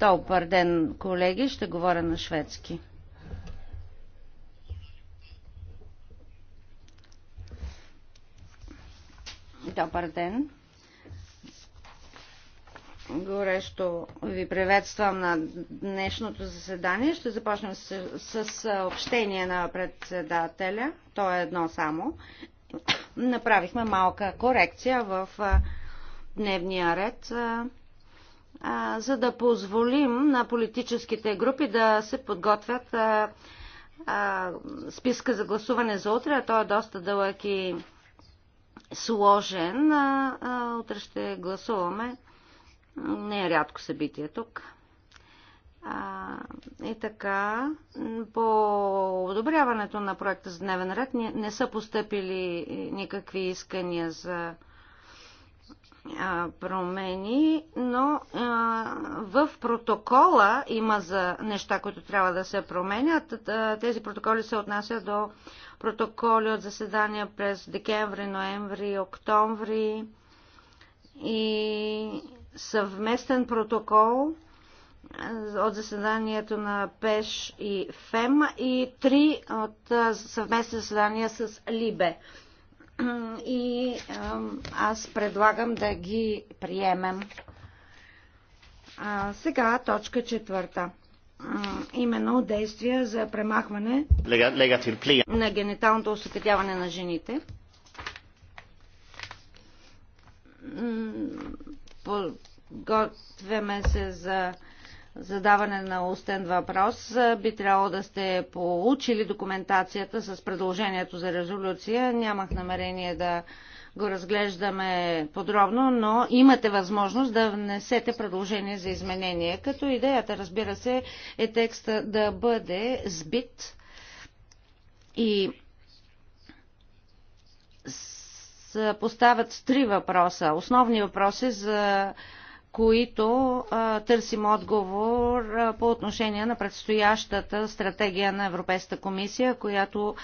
Добър ден, колеги. Ще говоря на шведски. Добър ден. Горещо ви приветствам на днешното заседание. Ще започнем с, с на председателя. То е едно само направихме малка корекция в дневния ред, за да позволим на политическите групи да се подготвят списка за гласуване за утре, а той е доста дълъг и сложен. Утре ще гласуваме. Не е рядко събитие тук. А, и така, по одобряването на проекта за дневен ред не, не са поступили никакви искания за а, промени, но а, в протокола има за неща, които трябва да се променят. Тези протоколи се отнасят до протоколи от заседания през декември, ноември, октомври и съвместен протокол – от заседанието на ПЕШ и ФЕМ и три от съвместни заседания с ЛИБЕ. И аз предлагам да ги приемем. А, сега точка четвърта. именно действия за премахване лега, на гениталното осъкътяване на жените. Подготвяме се за задаване на устен въпрос, би трябвало да сте получили документацията с предложението за резолюция. Нямах намерение да го разглеждаме подробно, но имате възможност да внесете предложение за изменение. Като идеята, разбира се, е текста да бъде сбит и поставят три въпроса. Основни въпроси за които а, търсим отговор а, по отношение на предстоящата стратегия на Европейската комисия, която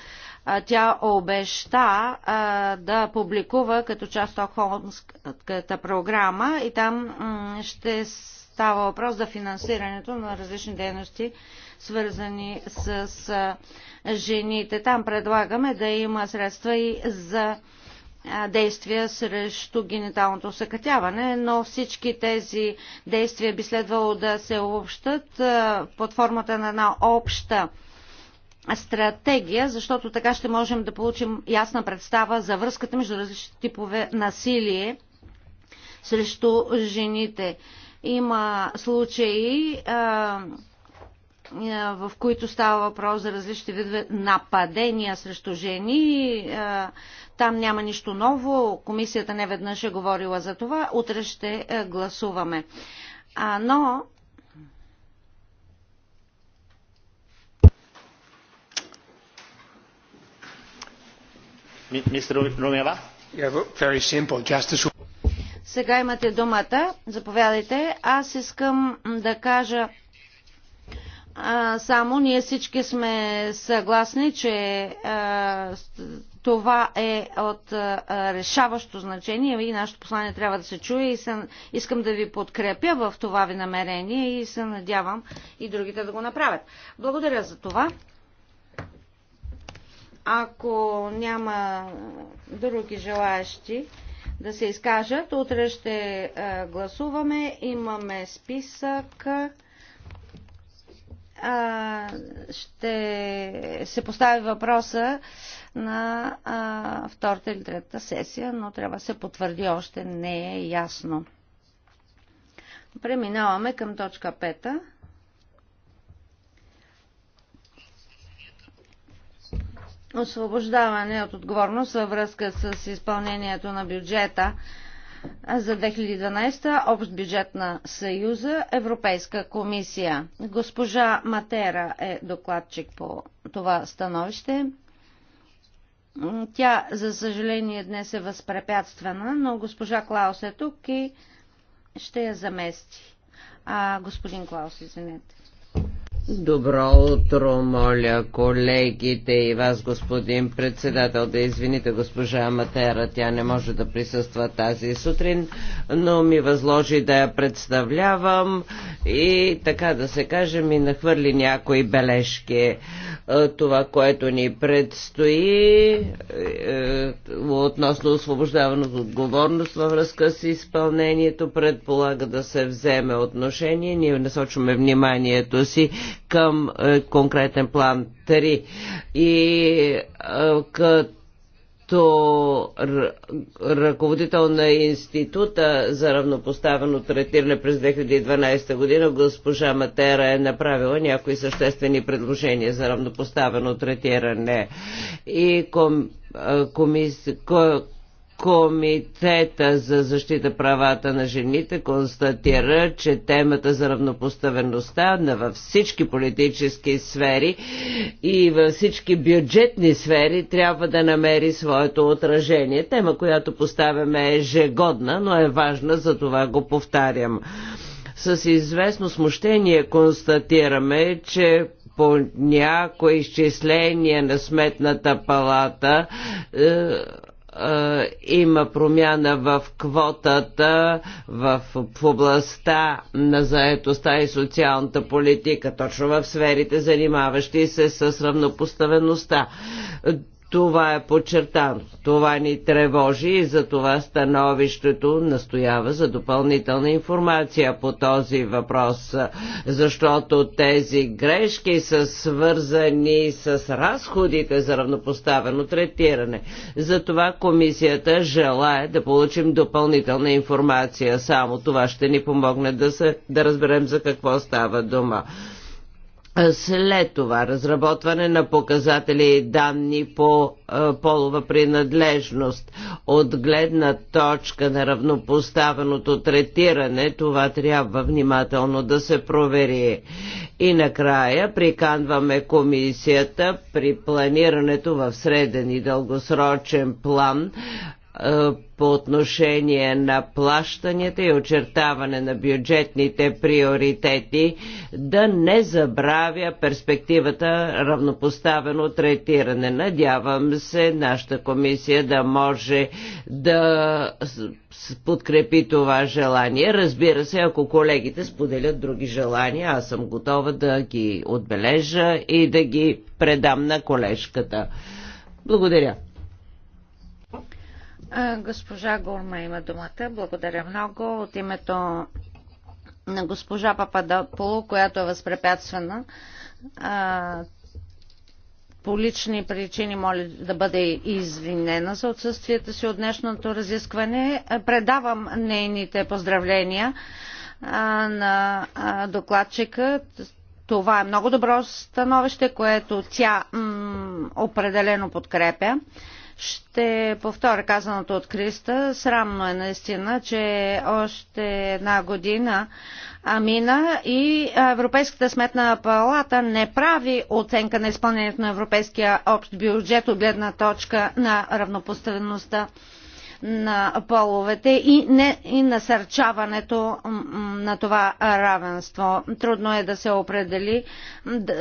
а, тя обеща а, да публикува като част от Холмската програма и там ще става въпрос за финансирането на различни дейности, свързани с а, жените. Там предлагаме да има средства и за а, действия срещу гениталното съкътяване, но всички тези действия би следвало да се общат под формата на една обща стратегия, защото така ще можем да получим ясна представа за връзката между различни типове насилие срещу жените. Има случаи, в които става въпрос за различни видове нападения срещу жени, там няма нищо ново, комисията не веднъж е говорила за това, утре ще е, гласуваме. А, но Сега имате думата, заповядайте. Аз искам да кажа а, само, ние всички сме съгласни, че а, това е от решаващо значение и нашето послание трябва да се чуе и съм, искам да ви подкрепя в това ви намерение и се надявам и другите да го направят. Благодаря за това. Ако няма други желаящи да се изкажат, утре ще гласуваме. Имаме списък ще се постави въпроса на а, втората или третата сесия, но трябва да се потвърди още не е ясно. Преминаваме към точка 5. Освобождаване от отговорност във връзка с изпълнението на бюджета за 2012 общ бюджет на Съюза, Европейска комисия. Госпожа Матера е докладчик по това становище. Тя, за съжаление, днес е възпрепятствана, но госпожа Клаус е тук и ще я замести. А, господин Клаус, извинете. Добро утро, моля колегите и вас, господин председател, да извините госпожа Матера, тя не може да присъства тази сутрин, но ми възложи да я представлявам и така да се каже ми нахвърли някои бележки. Е, това, което ни предстои е, относно освобождаването от отговорност във връзка с изпълнението, предполага да се вземе отношение. Ние насочваме вниманието си към е, конкретен план 3. И е, като като ръководител на Института за равнопоставено третиране през 2012 година госпожа Матера е направила някои съществени предложения за равнопоставено третиране. И ком, е, комис, Комитета за защита правата на жените констатира, че темата за равнопоставеността на във всички политически сфери и във всички бюджетни сфери трябва да намери своето отражение. Тема, която поставяме е ежегодна, но е важна, за това го повтарям. С известно смущение констатираме, че по някои изчисления на сметната палата е, е, има промяна в квотата в, в областта на заетостта и социалната политика, точно в сферите, занимаващи се с равнопоставеността. Това е подчертано. Това ни тревожи и за това становището настоява за допълнителна информация по този въпрос, защото тези грешки са свързани с разходите за равнопоставено третиране. Затова комисията желая да получим допълнителна информация. Само това ще ни помогне да, се, да разберем за какво става дума. След това разработване на показатели и данни по полова принадлежност. От гледна точка на равнопоставеното третиране, това трябва внимателно да се провери. И накрая приканваме комисията при планирането в среден и дългосрочен план е, по отношение на плащанията и очертаване на бюджетните приоритети, да не забравя перспективата равнопоставено третиране. Надявам се нашата комисия да може да подкрепи това желание. Разбира се, ако колегите споделят други желания, аз съм готова да ги отбележа и да ги предам на колежката. Благодаря. Госпожа Гурма има думата. Благодаря много. От името на госпожа Пападополу, която е възпрепятствана, по лични причини моля да бъде извинена за отсъствието си от днешното разискване. Предавам нейните поздравления на докладчика. Това е много добро становище, което тя определено подкрепя. Ще повторя казаното от Криста. Срамно е наистина, че още една година мина и Европейската сметна палата не прави оценка на изпълнението на европейския общ бюджет от гледна точка на равнопоставеността на половете и, не, и насърчаването на това равенство. Трудно е да се определи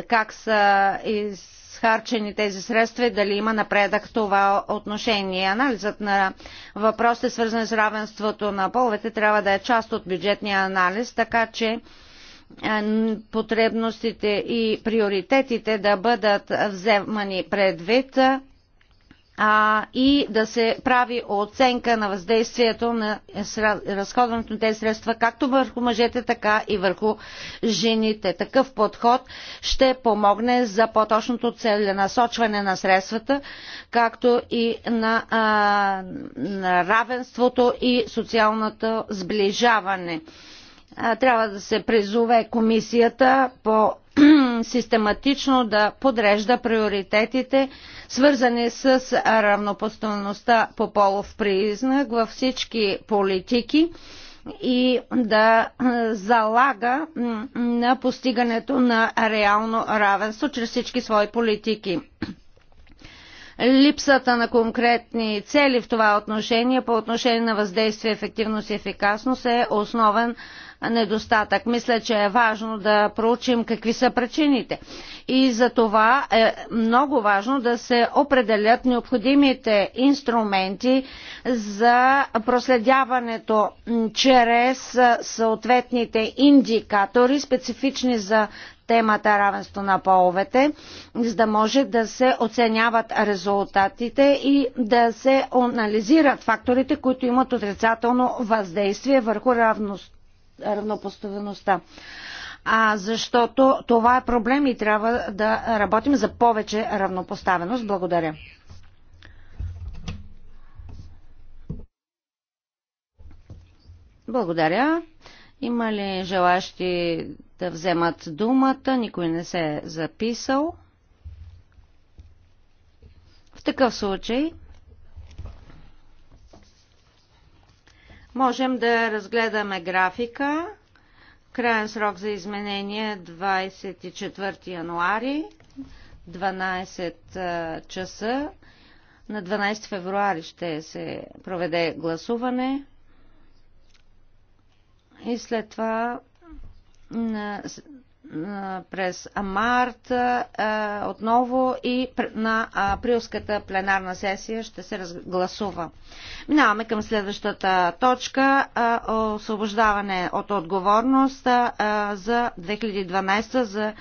как са из изхарчени тези средства и дали има напредък в това отношение. Анализът на въпросите, свързани с равенството на половете, трябва да е част от бюджетния анализ, така че е, потребностите и приоритетите да бъдат вземани предвид а, и да се прави оценка на въздействието на разходването на тези средства както върху мъжете, така и върху жените. Такъв подход ще помогне за по-точното целенасочване на средствата, както и на, а, на равенството и социалното сближаване. А, трябва да се призове комисията по систематично да подрежда приоритетите, свързани с равнопоставеността по полов признак във всички политики и да залага на постигането на реално равенство чрез всички свои политики. Липсата на конкретни цели в това отношение по отношение на въздействие, ефективност и ефикасност е основен недостатък. Мисля, че е важно да проучим какви са причините. И за това е много важно да се определят необходимите инструменти за проследяването чрез съответните индикатори, специфични за темата равенство на половете, за да може да се оценяват резултатите и да се анализират факторите, които имат отрицателно въздействие върху равност равнопоставеността. А, защото това е проблем и трябва да работим за повече равнопоставеност. Благодаря. Благодаря. Има ли желащи да вземат думата? Никой не се е записал. В такъв случай Можем да разгледаме графика. Краен срок за изменение 24 е януари, 12 часа. На 12 февруари ще се проведе гласуване. И след това на през март отново и на априлската пленарна сесия ще се разгласува. Минаваме към следващата точка освобождаване от отговорност за 2012 за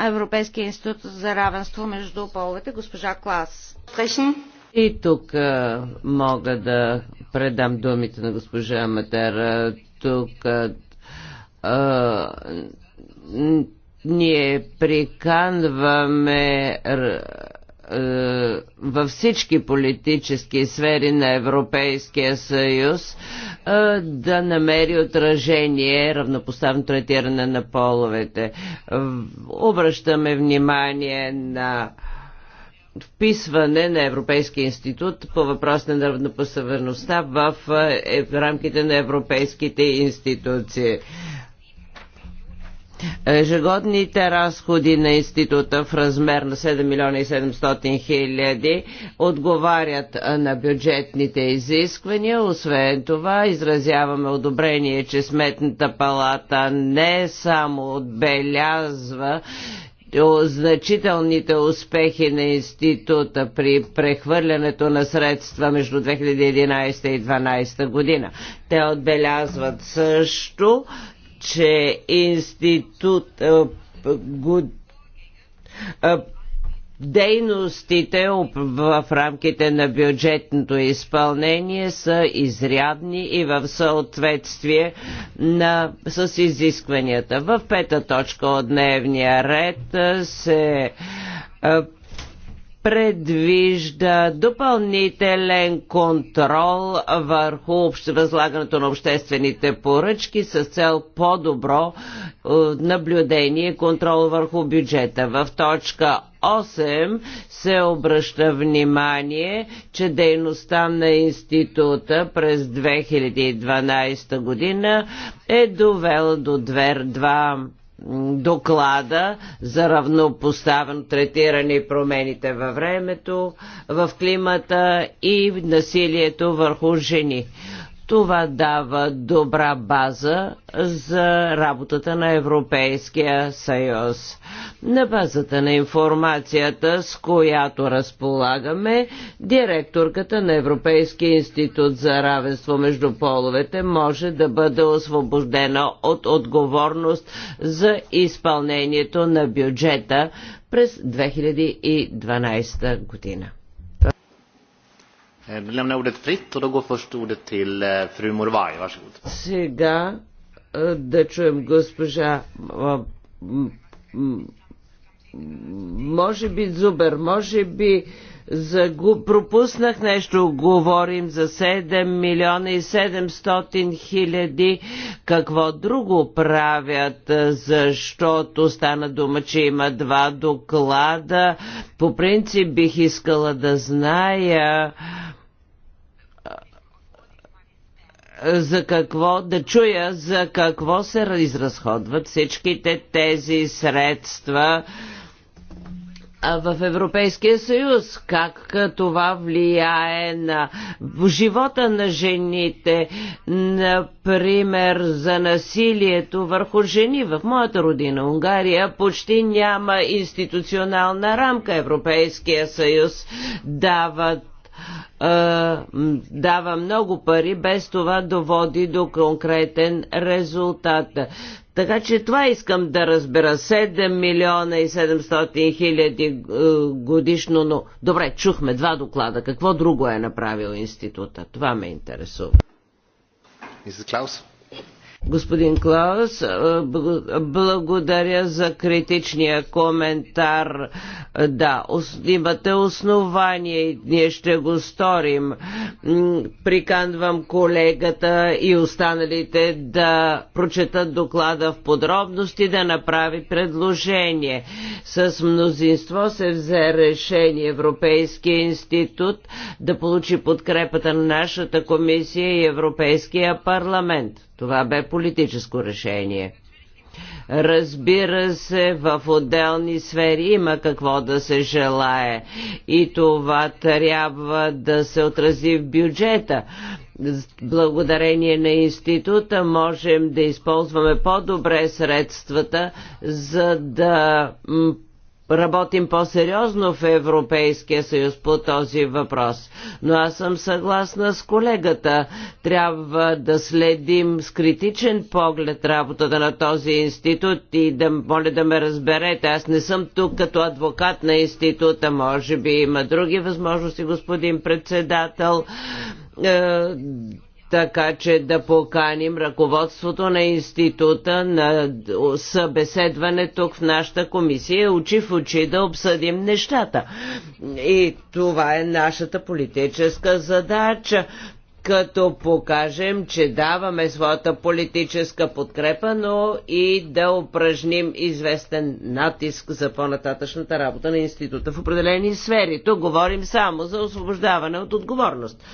Европейския институт за равенство между половете, госпожа Клас. И тук мога да предам думите на госпожа Матера. Тук ние приканваме е, във всички политически сфери на Европейския съюз е, да намери отражение равнопоставно третиране на половете. Обръщаме внимание на вписване на Европейския институт по въпрос на равнопоставеността е, в рамките на европейските институции. Ежегодните разходи на института в размер на 7 милиона и 700 хиляди отговарят на бюджетните изисквания. Освен това, изразяваме одобрение, че Сметната палата не само отбелязва значителните успехи на института при прехвърлянето на средства между 2011 и 2012 година. Те отбелязват също, че институт го, Дейностите в рамките на бюджетното изпълнение са изрядни и в съответствие на, с изискванията. В пета точка от дневния ред се предвижда допълнителен контрол върху възлагането на обществените поръчки с цел по-добро е, наблюдение и контрол върху бюджета. В точка 8 се обръща внимание, че дейността на института през 2012 година е довела до двер два доклада за равнопоставено третиране и промените във времето, в климата и насилието върху жени. Това дава добра база за работата на Европейския съюз. На базата на информацията, с която разполагаме, директорката на Европейския институт за равенство между половете може да бъде освобождена от отговорност за изпълнението на бюджета през 2012 година. Eh, Сега eh, да чуем госпожа може би Зубер, може би загуб... пропуснах нещо. Говорим за 7 милиона и 700 хиляди. Какво друго правят, защото стана дума, че има два доклада. По принцип бих искала да зная за какво, да чуя за какво се изразходват всичките тези средства в Европейския съюз, как това влияе на живота на жените, например за насилието върху жени. В моята родина Унгария почти няма институционална рамка. Европейския съюз дава дава много пари, без това доводи до конкретен резултат. Така че това искам да разбера. 7 милиона и 700 хиляди е, годишно, но добре, чухме два доклада. Какво друго е направил института? Това ме интересува. Мисля Клаус. Господин Клаус, благодаря за критичния коментар. Да, имате основание и ние ще го сторим. Приканвам колегата и останалите да прочетат доклада в подробности, да направи предложение. С мнозинство се взе решение Европейския институт да получи подкрепата на нашата комисия и Европейския парламент. Това бе политическо решение. Разбира се, в отделни сфери има какво да се желае и това трябва да се отрази в бюджета. Благодарение на института можем да използваме по-добре средствата, за да работим по-сериозно в Европейския съюз по този въпрос. Но аз съм съгласна с колегата. Трябва да следим с критичен поглед работата на този институт и да моля да ме разберете. Аз не съм тук като адвокат на института. Може би има други възможности, господин председател е, така че да поканим ръководството на института на събеседване тук в нашата комисия, очи в очи да обсъдим нещата. И това е нашата политическа задача като покажем, че даваме своята политическа подкрепа, но и да упражним известен натиск за по-нататъчната работа на института в определени сфери. Тук говорим само за освобождаване от отговорност.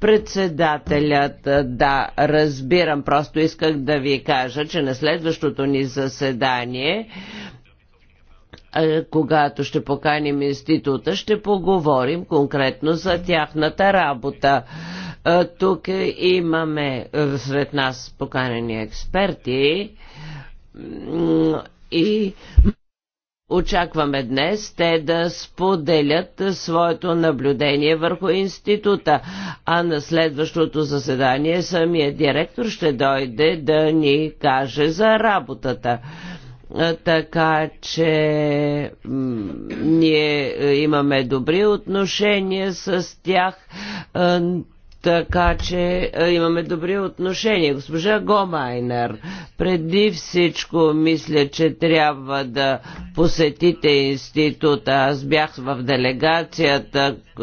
Председателят, да, разбирам, просто исках да ви кажа, че на следващото ни заседание е, когато ще поканим института, ще поговорим конкретно за тяхната работа. Тук имаме сред нас поканени експерти и Очакваме днес те да споделят своето наблюдение върху института, а на следващото заседание самия директор ще дойде да ни каже за работата. Така че ние имаме добри отношения с тях така че е, имаме добри отношения. Госпожа Гомайнер, преди всичко мисля, че трябва да посетите института. Аз бях в делегацията е,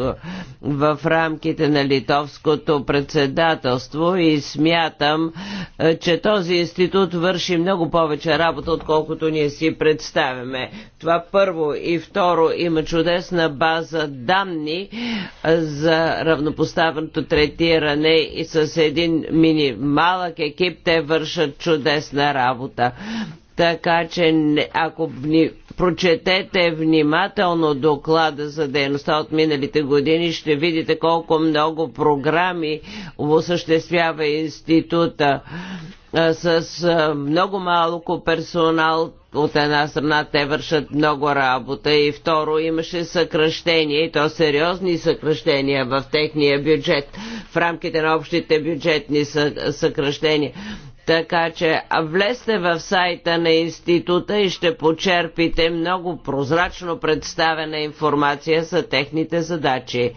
в рамките на литовското председателство и смятам, е, че този институт върши много повече работа, отколкото ние си представяме. Това първо и второ има чудесна база данни за равнопоставеното трети третиране и с един мини малък екип те вършат чудесна работа. Така че ако ни прочетете внимателно доклада за дейността от миналите години, ще видите колко много програми осъществява института с много малко персонал. От една страна те вършат много работа и второ имаше съкръщения и то сериозни съкръщения в техния бюджет, в рамките на общите бюджетни съкръщения. Така че влезте в сайта на института и ще почерпите много прозрачно представена информация за техните задачи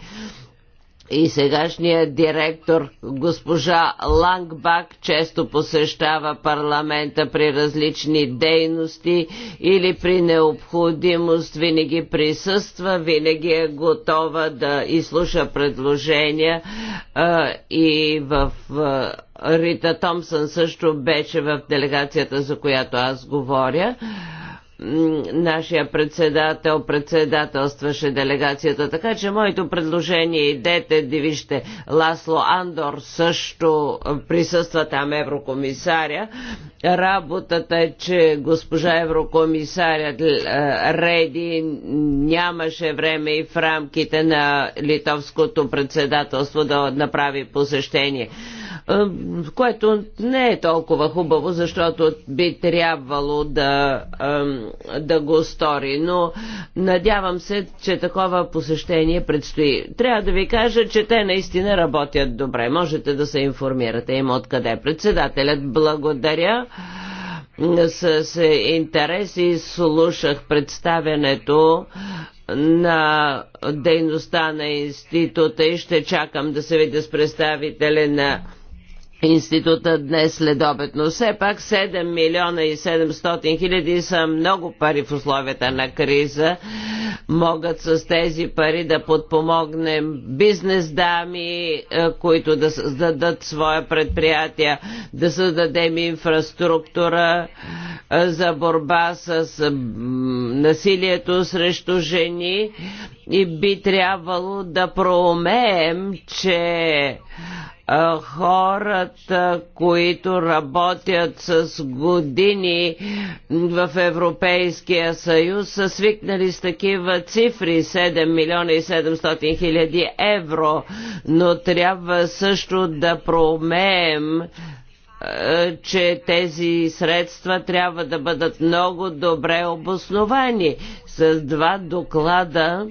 и сегашният директор госпожа Лангбак често посещава парламента при различни дейности или при необходимост винаги присъства, винаги е готова да изслуша предложения а, и в а, Рита Томсън също беше в делегацията, за която аз говоря нашия председател председателстваше делегацията, така че моето предложение идете, вижте, Ласло Андор също присъства там еврокомисаря. Работата е, че госпожа еврокомисарят Реди нямаше време и в рамките на литовското председателство да направи посещение. Е, което не е толкова хубаво, защото би трябвало да, да го стори, но надявам се, че такова посещение предстои. Трябва да ви кажа, че те наистина работят добре. Можете да се информирате им откъде. Председателят, благодаря с, с интерес и слушах представянето на дейността на института и ще чакам да се видя с представителя на института днес следобедно. Все пак 7 милиона и 700 хиляди са много пари в условията на криза. Могат с тези пари да подпомогнем бизнес дами, е, които да създадат своя предприятия, да създадем инфраструктура е, за борба с насилието срещу жени и би трябвало да проумеем, че хората, които работят с години в Европейския съюз, са свикнали с такива цифри 7 милиона и 700 хиляди евро, но трябва също да проумеем че тези средства трябва да бъдат много добре обосновани. С два доклада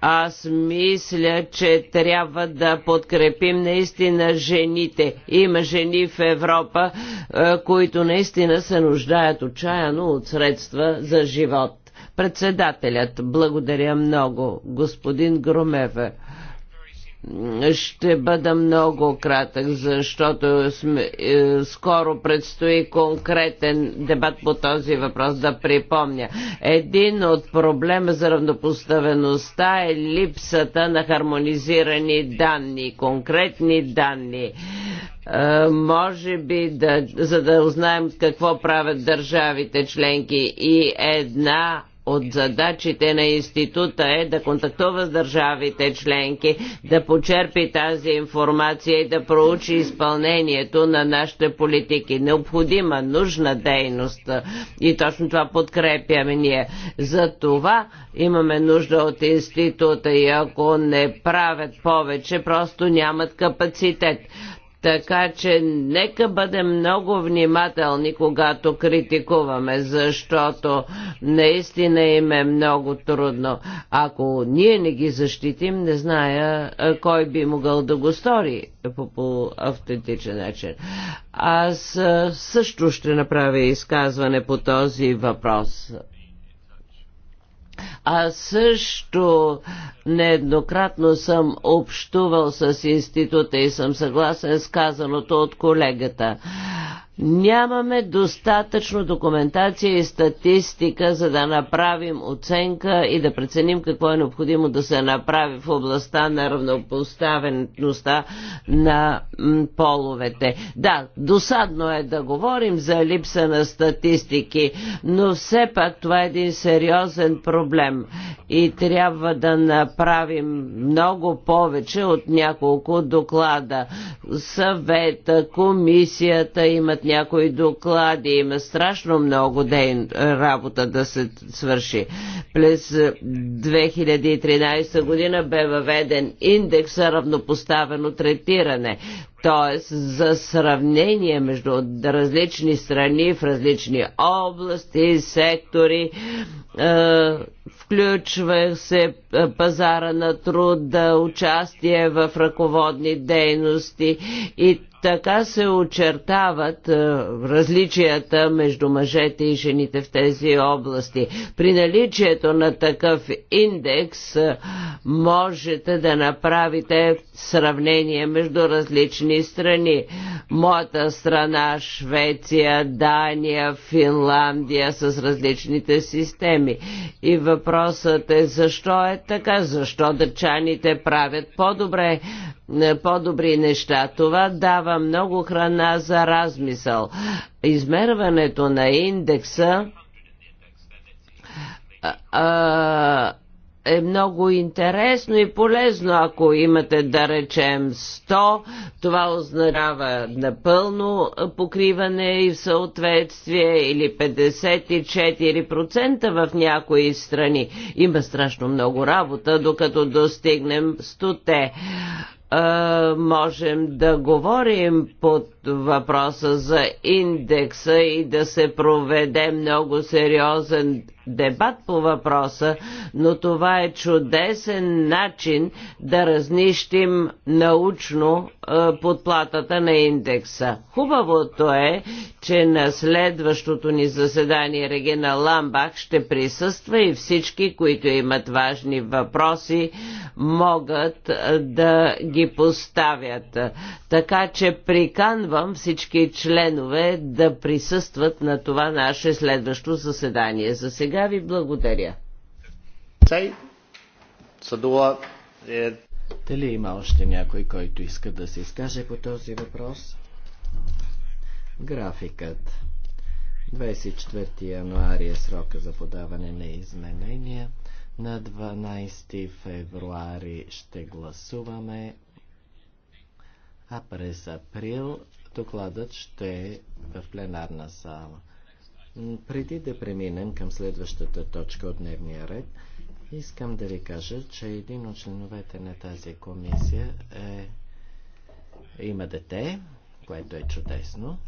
Аз мисля, че трябва да подкрепим наистина жените. Има жени в Европа, е, които наистина се нуждаят отчаяно от средства за живот. Председателят, благодаря много, господин Громеве. Ще бъда много кратък, защото сме, е, скоро предстои конкретен дебат по този въпрос. Да припомня, един от проблема за равнопоставеността е липсата на хармонизирани данни, конкретни данни е, може би да, за да узнаем какво правят държавите членки и една от задачите на института е да контактува с държавите членки, да почерпи тази информация и да проучи изпълнението на нашите политики. Необходима, нужна дейност и точно това подкрепяме ние. За това имаме нужда от института и ако не правят повече, просто нямат капацитет. Така че нека бъдем много внимателни, когато критикуваме, защото наистина им е много трудно. Ако ние не ги защитим, не зная кой би могъл да го стори по, по автентичен начин. Аз също ще направя изказване по този въпрос. А също нееднократно съм общувал с института и съм съгласен с казаното от колегата. Нямаме достатъчно документация и статистика, за да направим оценка и да преценим какво е необходимо да се направи в областта на равнопоставеността на половете. Да, досадно е да говорим за липса на статистики, но все пак това е един сериозен проблем и трябва да направим много повече от няколко доклада. Съвета, комисията имат някои доклади. Има страшно много ден, е, работа да се свърши. През 2013 е, година бе въведен индекс за равнопоставено третиране, т.е. за сравнение между различни страни в различни области, сектори, е, включва се пазара на труда, участие в ръководни дейности и така се очертават е, различията между мъжете и жените в тези области. При наличието на такъв индекс е, можете да направите сравнение между различни страни. Моята страна, Швеция, Дания, Финландия с различните системи. И въпросът е защо е така, защо дъчаните правят по-добре е, по-добри неща. Това дава много храна за размисъл. Измерването на индекса а, а, е много интересно и полезно. Ако имате, да речем, 100, това означава напълно покриване и в съответствие или 54% в някои страни. Има страшно много работа, докато достигнем 100 е, можем да говорим по въпроса за индекса и да се проведе много сериозен дебат по въпроса, но това е чудесен начин да разнищим научно е, подплатата на индекса. Хубавото е, че на следващото ни заседание Регина Ламбах ще присъства и всички, които имат важни въпроси, могат да ги поставят. Така че приканва Приканвам всички членове да присъстват на това наше следващо заседание. За сега ви благодаря. Е- Дали има още някой, който иска да се изкаже по този въпрос? Графикът. 24 януари е срока за подаване на изменения. На 12 февруари ще гласуваме, а през април Докладът ще е в пленарна зала. Преди да преминем към следващата точка от дневния ред, искам да ви кажа, че един от членовете на тази комисия е... има дете, което е чудесно.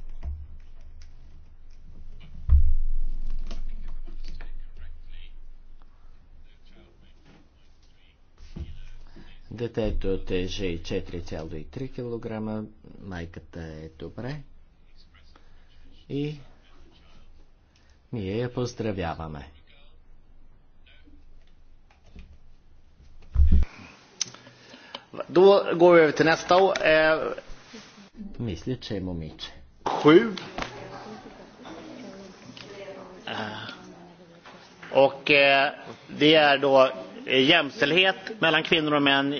Детето тежи 4,3 кг, майката е добре и ние я поздравяваме. Då går vi över till nästa. Eh... Мисля, че е момиче. Sju. Äh, och eh, det är då Eh, jämställdhet mellan kvinnor och män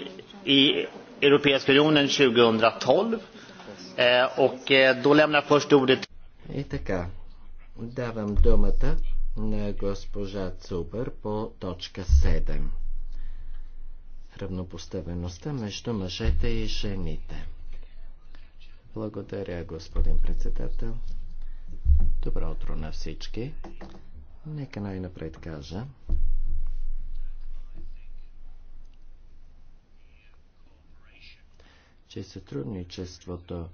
i Europeiska unionen 2012. Eh, och eh, då lämnar jag först ordet... И така, давам думата на госпожа Цубър по точка 7. Равнопоставеността между мъжете и жените. Благодаря, господин председател. Добро утро на всички. Нека най-напред кажа, че сътрудничеството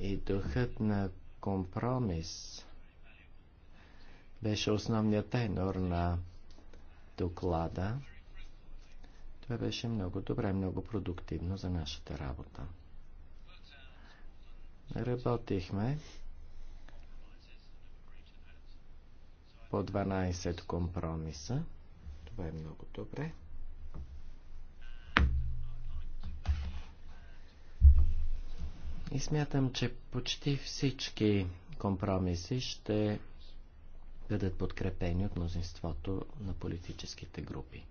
и духът на компромис беше основният тенор на доклада. Това беше много добре, много продуктивно за нашата работа. Работихме по 12 компромиса. Това е много добре. И смятам, че почти всички компромиси ще бъдат подкрепени от мнозинството на политическите групи.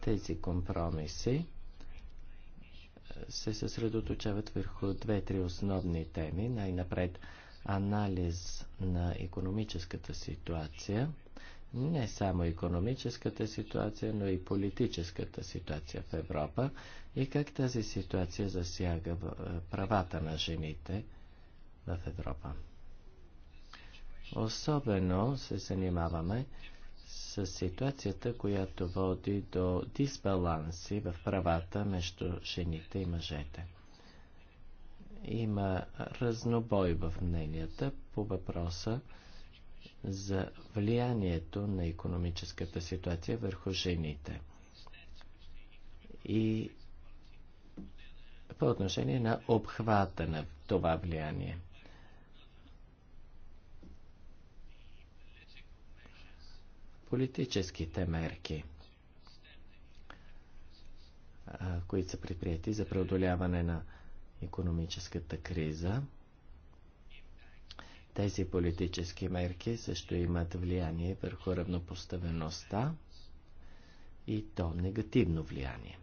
Тези компромиси е, се съсредоточават върху две-три основни теми. Най-напред анализ на економическата ситуация – не само економическата ситуация, но и политическата ситуация в Европа и как тази ситуация засяга е, правата на жените в Европа. Особено се занимаваме с ситуацията, която води до дисбаланси в правата между жените и мъжете. Има разнобой в мненията по въпроса за влиянието на економическата ситуация върху жените. И по отношение на обхвата на това влияние. Политическите мерки, които са предприяти за преодоляване на економическата криза – тези политически мерки също имат влияние върху равнопоставеността и то негативно влияние.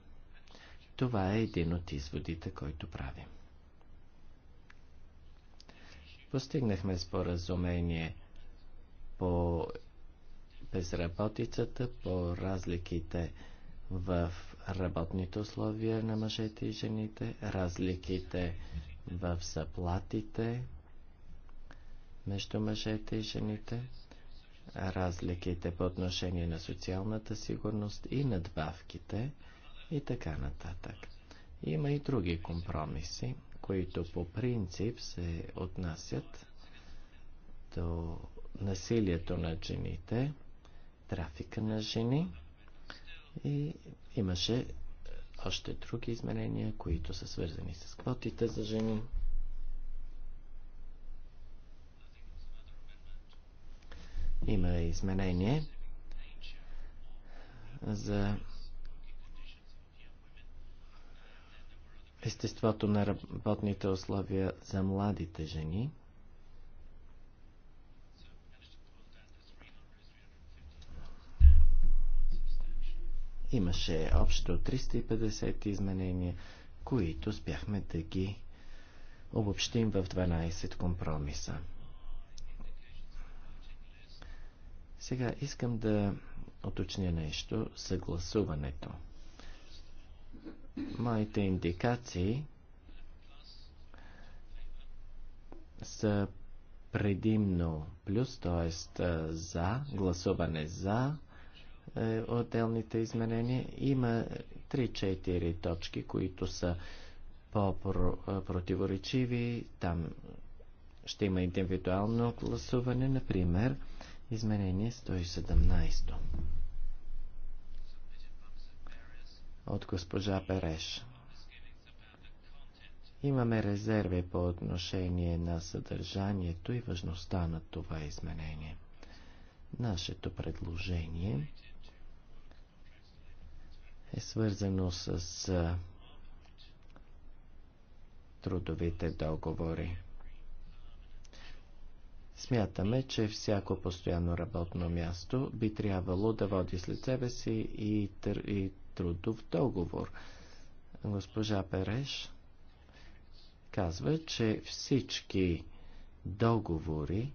Това е един от изводите, който правим. Постигнахме споразумение по безработицата, по разликите в работните условия на мъжете и жените, разликите в заплатите, между мъжете и жените, разликите по отношение на социалната сигурност и надбавките и така нататък. Има и други компромиси, които по принцип се отнасят до насилието на жените, трафика на жени и имаше още други изменения, които са свързани с квотите за жени. Има изменение за естеството на работните условия за младите жени. Имаше общо 350 изменения, които успяхме да ги обобщим в 12 компромиса. Сега искам да уточня нещо съгласуването. Моите индикации са предимно плюс, т.е. за, гласуване за е, отделните изменения. Има 3-4 точки, които са по-противоречиви. Там ще има индивидуално гласуване, например Изменение 117 от госпожа Береш. Имаме резерви по отношение на съдържанието и важността на това изменение. Нашето предложение е свързано с трудовите договори. Смятаме, че всяко постоянно работно място би трябвало да води след себе си и, тр... и трудов договор. Госпожа Переш казва, че всички договори,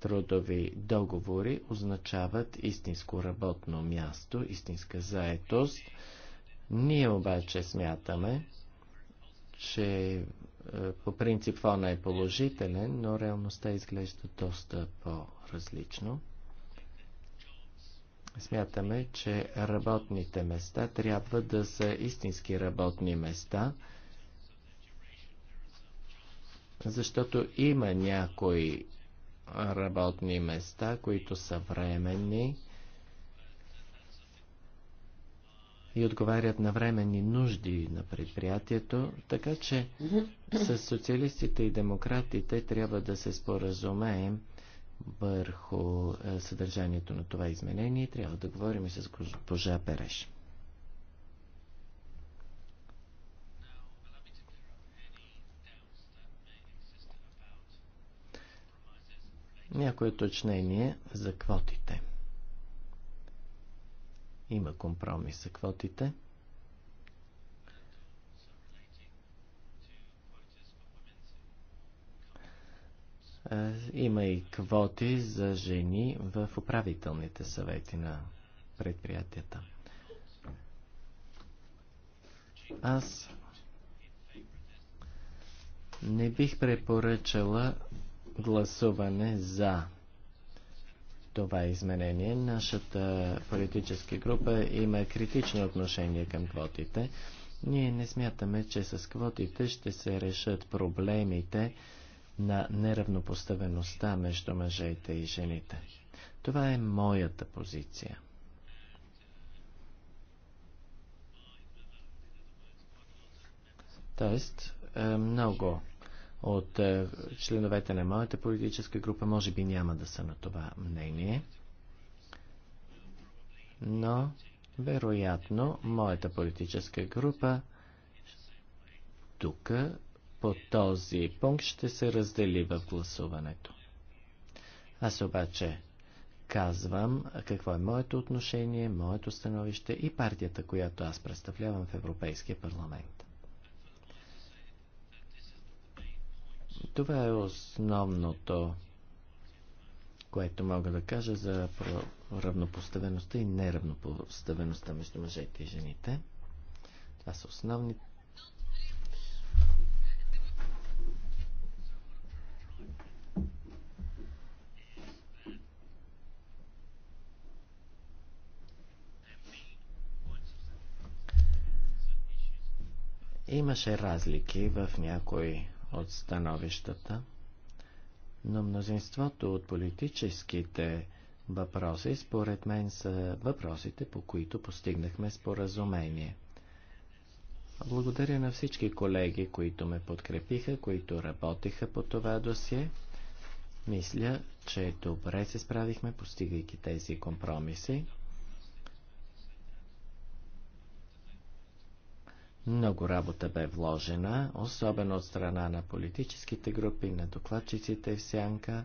трудови договори означават истинско работно място, истинска заетост. Ние обаче смятаме, че е, по принцип фона е положителен, но реалността изглежда доста по-различно. Смятаме, че работните места трябва да са истински работни места, защото има някои работни места, които са временни, и отговарят на временни нужди на предприятието, така че с социалистите и демократите трябва да се споразумеем върху е, съдържанието на това изменение и трябва да говорим и с госпожа Переш. Някое уточнение за квотите – има компромис за квотите. Е, има и квоти за жени в управителните съвети на предприятията. Аз не бих препоръчала гласуване за това изменение. Нашата политическа група има критични отношения към квотите. Ние не смятаме, че с квотите ще се решат проблемите на неравнопоставеността между мъжете и жените. Това е моята позиция. Тоест, е, много от е, членовете на моята политическа група може би няма да са на това мнение, но вероятно моята политическа група тук по този пункт ще се раздели в гласуването. Аз обаче казвам какво е моето отношение, моето становище и партията, която аз представлявам в Европейския парламент. Това е основното, което мога да кажа за равнопоставеността и неравнопоставеността между мъжете и жените. Това са основните имаше разлики в някои от становищата, но мнозинството от политическите въпроси, според мен, са въпросите, по които постигнахме споразумение. Благодаря на всички колеги, които ме подкрепиха, които работиха по това досие. Мисля, че добре се справихме, постигайки тези компромиси. Много работа бе вложена, особено от страна на политическите групи, на докладчиците в Сянка.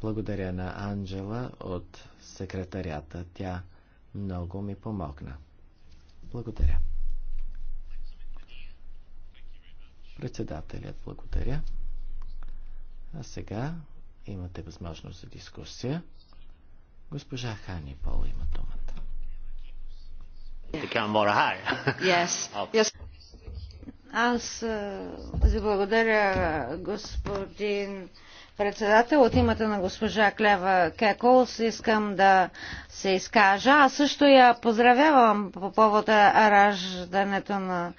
Благодаря на Анджела от секретарята. Тя много ми помогна. Благодаря. Председателят благодаря. А сега имате възможност за дискусия. Госпожа Хани Пол има думата. Yes. Yes. Аз е, благодаря, господин председател. От името на госпожа Клева Кеколс искам да се изкажа. Аз също я поздравявам по повод раждането на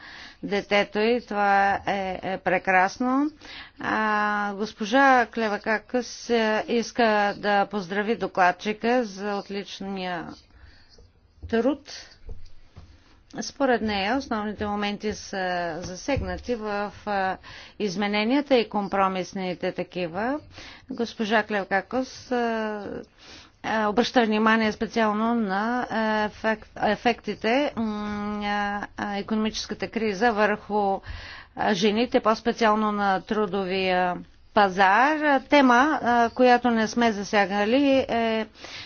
детето и това е, е прекрасно. А, госпожа Клевакакъс е, иска да поздрави докладчика за отличния труд според нея основните моменти са засегнати в измененията и компромисните такива. Госпожа Клевкакос обръща внимание специално на ефектите на економическата криза върху жените, по-специално на трудовия пазар. Тема, която не сме засягали е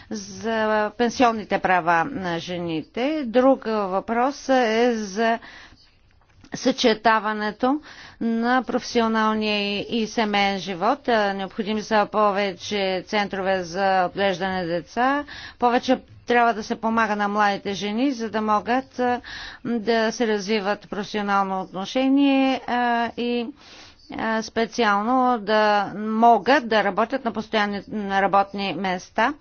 за пенсионните права на жените. Друг въпрос е за съчетаването на професионалния и семейен живот. Необходими са повече центрове за отглеждане деца, повече трябва да се помага на младите жени, за да могат да се развиват професионално отношение и специално да могат да работят на постоянни работни места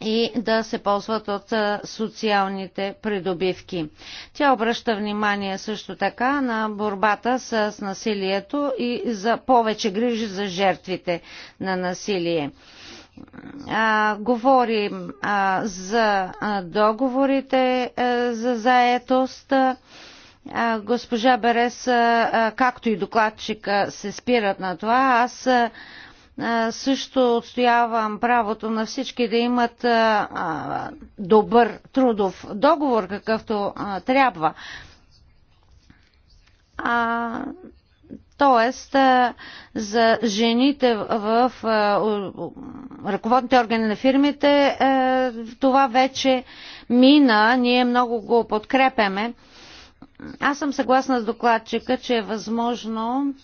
и да се ползват от социалните придобивки. Тя обръща внимание също така на борбата с насилието и за повече грижи за жертвите на насилие. А, говорим а, за договорите а, за заетост. А, Госпожа Берес, както и докладчика, се спират на това. Аз също отстоявам правото на всички да имат добър трудов договор, какъвто трябва. А, Тоест, за жените в ръководните органи на фирмите е, това вече мина. Ние много го подкрепяме. Аз съм съгласна с докладчика, че е възможно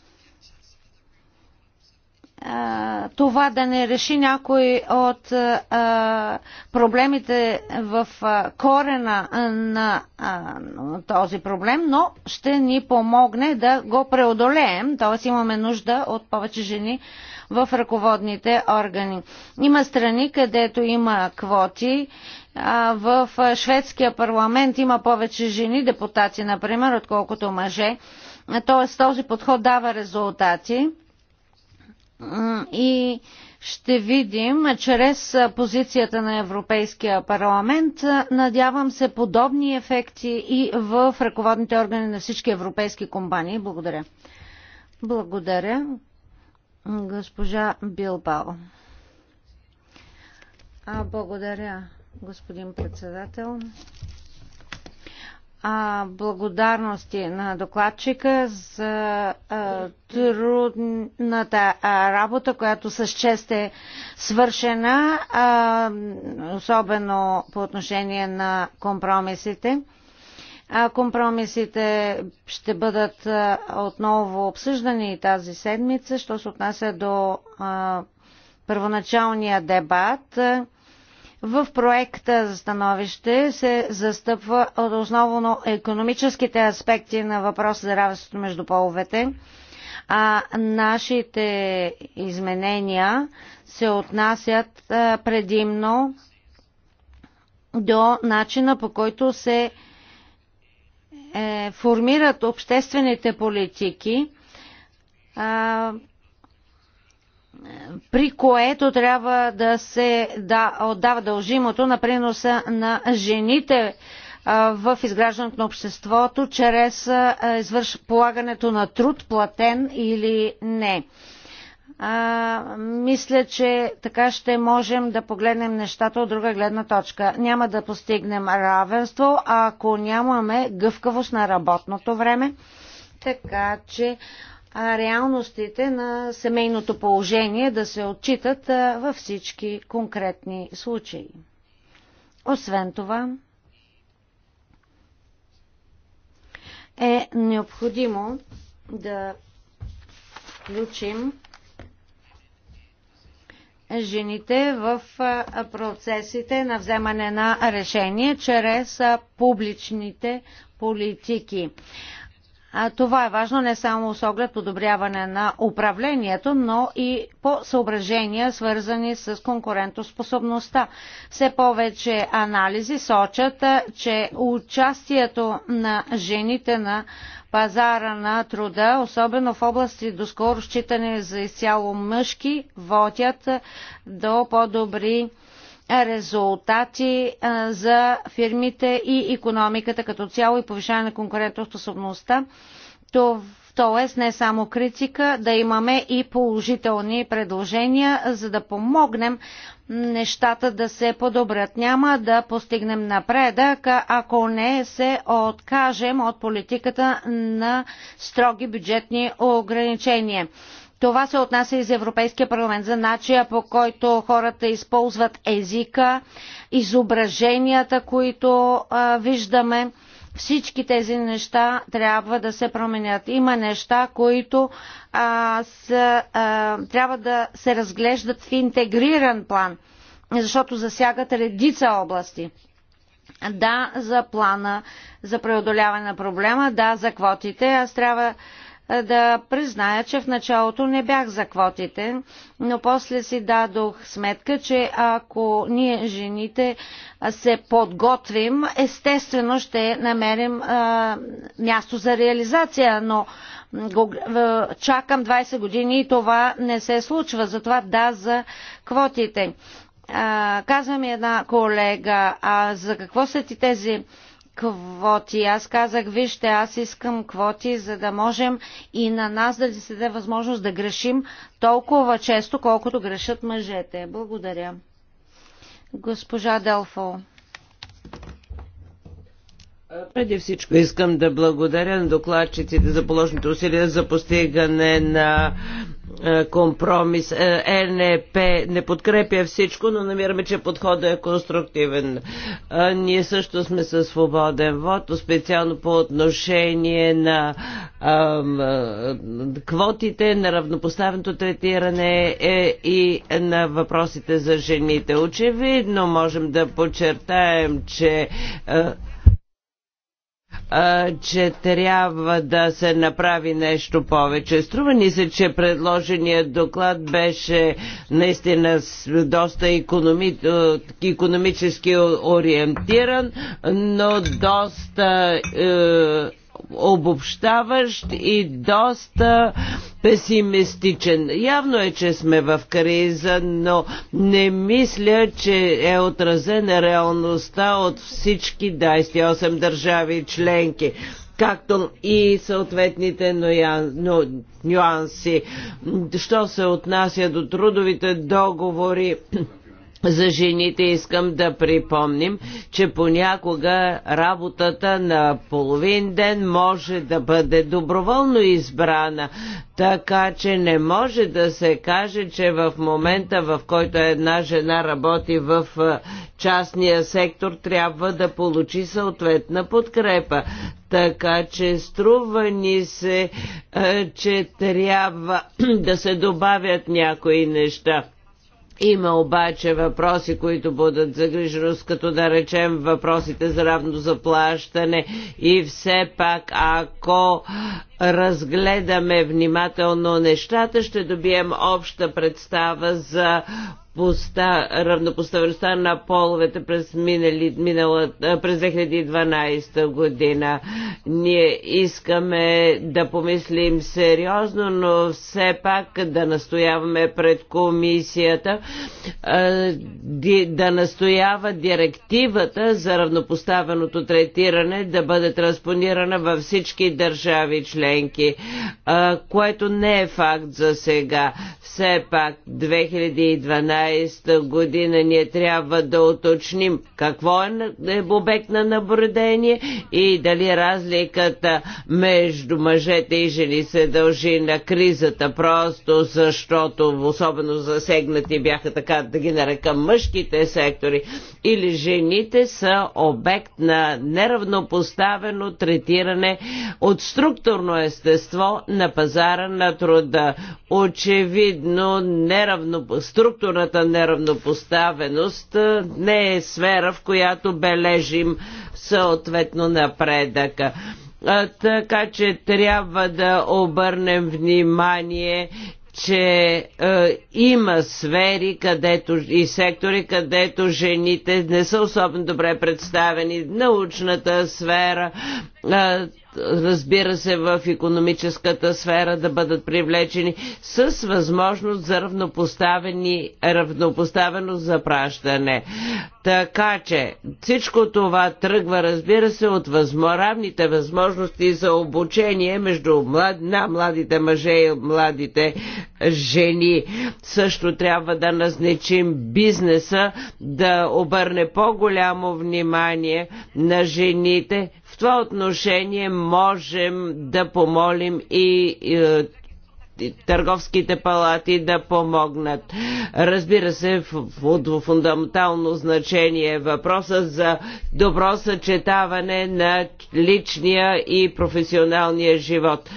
това да не реши някой от проблемите в корена на този проблем, но ще ни помогне да го преодолеем, т.е. имаме нужда от повече жени в ръководните органи. Има страни, където има квоти. В шведския парламент има повече жени депутати, например, отколкото мъже. Т.е. този подход дава резултати и ще видим чрез позицията на Европейския парламент. Надявам се подобни ефекти и в ръководните органи на всички европейски компании. Благодаря. Благодаря, госпожа Билбао. А, благодаря, господин председател а, благодарности на докладчика за а, трудната а, работа, която с чест е свършена, а, особено по отношение на компромисите. А, компромисите ще бъдат а, отново обсъждани тази седмица, що се отнася до а, първоначалния дебат. А, в проекта за становище се застъпва от основно економическите аспекти на въпроса за равенството между половете, а нашите изменения се отнасят предимно до начина по който се е, формират обществените политики при което трябва да се да, отдава дължимото на приноса на жените в изграждането на обществото чрез извърш, полагането на труд, платен или не. А, мисля, че така ще можем да погледнем нещата от друга гледна точка. Няма да постигнем равенство, ако нямаме гъвкавост на работното време, така че реалностите на семейното положение да се отчитат във всички конкретни случаи. Освен това, е необходимо да включим жените в процесите на вземане на решение чрез публичните политики това е важно не само с оглед подобряване на управлението, но и по съображения, свързани с конкурентоспособността. Все повече анализи сочат, че участието на жените на пазара на труда, особено в области доскоро считане за изцяло мъжки, водят до по-добри резултати за фирмите и економиката като цяло и повишаване на конкурентоспособността. Тоест не само критика, да имаме и положителни предложения, за да помогнем нещата да се подобрят. Няма да постигнем напредък, ако не се откажем от политиката на строги бюджетни ограничения. Това се отнася и за Европейския парламент, за начина по който хората използват езика, изображенията, които а, виждаме. Всички тези неща трябва да се променят. Има неща, които а, с, а, трябва да се разглеждат в интегриран план, защото засягат редица области. Да, за плана за преодоляване на проблема, да, за квотите. Аз трябва е, да призная, че в началото не бях за квотите, но после си дадох сметка, че ако ние жените се подготвим, естествено ще намерим а, е, място за реализация, но го, а, е, чакам 20 години и това не се случва. Затова да за квотите. А, казва ми една колега, а за какво са ти тези квоти. Аз казах, вижте, аз искам квоти, за да можем и на нас да се даде възможност да грешим толкова често, колкото грешат мъжете. Благодаря. Госпожа Делфо. Преди всичко искам да благодаря на докладчиците за положените усилия за постигане на е, компромис. Е, е НП не подкрепя всичко, но намираме, че подходът е конструктивен. Ние също сме със свободен вод, специално по отношение на квотите, на равнопоставеното третиране и на въпросите за жените. Очевидно можем да подчертаем, че че трябва да се направи нещо повече. Струва ни се, че предложеният доклад беше наистина доста економи... економически ориентиран, но доста е обобщаващ и доста песимистичен. Явно е, че сме в криза, но не мисля, че е отразена реалността от всички 28 държави членки както и съответните нюанси. Що се отнася до трудовите договори, за жените искам да припомним, че понякога работата на половин ден може да бъде доброволно избрана, така че не може да се каже, че в момента, в който една жена работи в частния сектор, трябва да получи съответна подкрепа. Така че струва ни се, че трябва да се добавят някои неща има обаче въпроси, които будат загриженост, като да речем въпросите за равно заплащане и все пак ако разгледаме внимателно нещата, ще добием обща представа за поста, равнопоставеността на половете през, минали, минала, през 2012 година. Ние искаме да помислим сериозно, но все пак да настояваме пред комисията да настоява директивата за равнопоставеното третиране да бъде транспонирана във всички държави члени а, което не е факт за сега. Все пак 2012 година ние трябва да уточним какво е, е обект на наблюдение и дали разликата между мъжете и жени се дължи на кризата, просто защото особено засегнати бяха така да ги нарека мъжките сектори или жените са обект на неравнопоставено третиране от структурно социално естество на пазара на труда. Очевидно, неравно, структурната неравнопоставеност не е сфера, в която бележим съответно напредъка така че трябва да обърнем внимание, че е, има сфери където, и сектори, където жените не са особено добре представени. Научната сфера, е, разбира се, в економическата сфера да бъдат привлечени с възможност за равнопоставено запращане. Така че всичко това тръгва, разбира се, от равните възможности за обучение между млад, на младите мъже и младите жени. Също трябва да назначим бизнеса да обърне по-голямо внимание на жените, в това отношение можем да помолим и, и търговските палати да помогнат. Разбира се, в фундаментално значение е въпроса за добро съчетаване на личния и професионалния живот.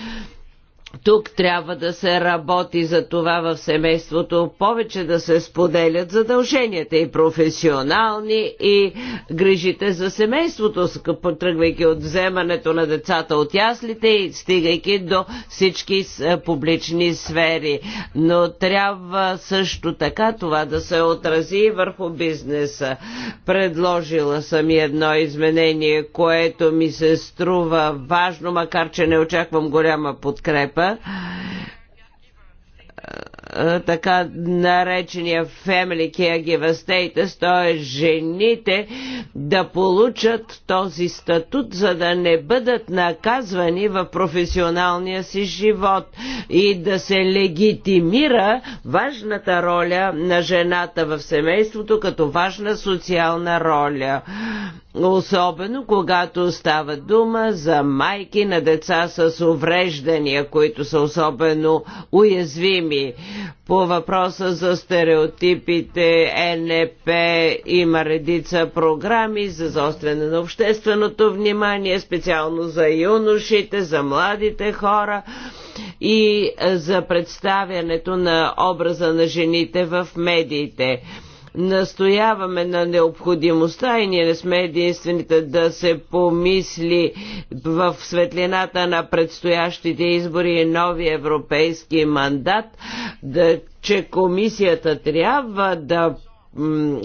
Тук трябва да се работи за това в семейството, повече да се споделят задълженията и професионални и грижите за семейството, потръгвайки от вземането на децата от яслите и стигайки до всички е, публични сфери. Но трябва също така това да се отрази върху бизнеса. Предложила съм и едно изменение, което ми се струва важно, макар че не очаквам голяма подкрепа хора е, така наречения Family Caregiver Status, т.е. жените да получат този статут, за да не бъдат наказвани в професионалния си живот и да се легитимира важната роля на жената в семейството като важна социална роля. Особено когато става дума за майки на деца с увреждания, които са особено уязвими. По въпроса за стереотипите, НП има редица програми за заостряне на общественото внимание, специално за юношите, за младите хора и за представянето на образа на жените в медиите Настояваме на необходимостта и ние не сме единствените да се помисли в светлината на предстоящите избори и нови европейски мандат, да че комисията трябва да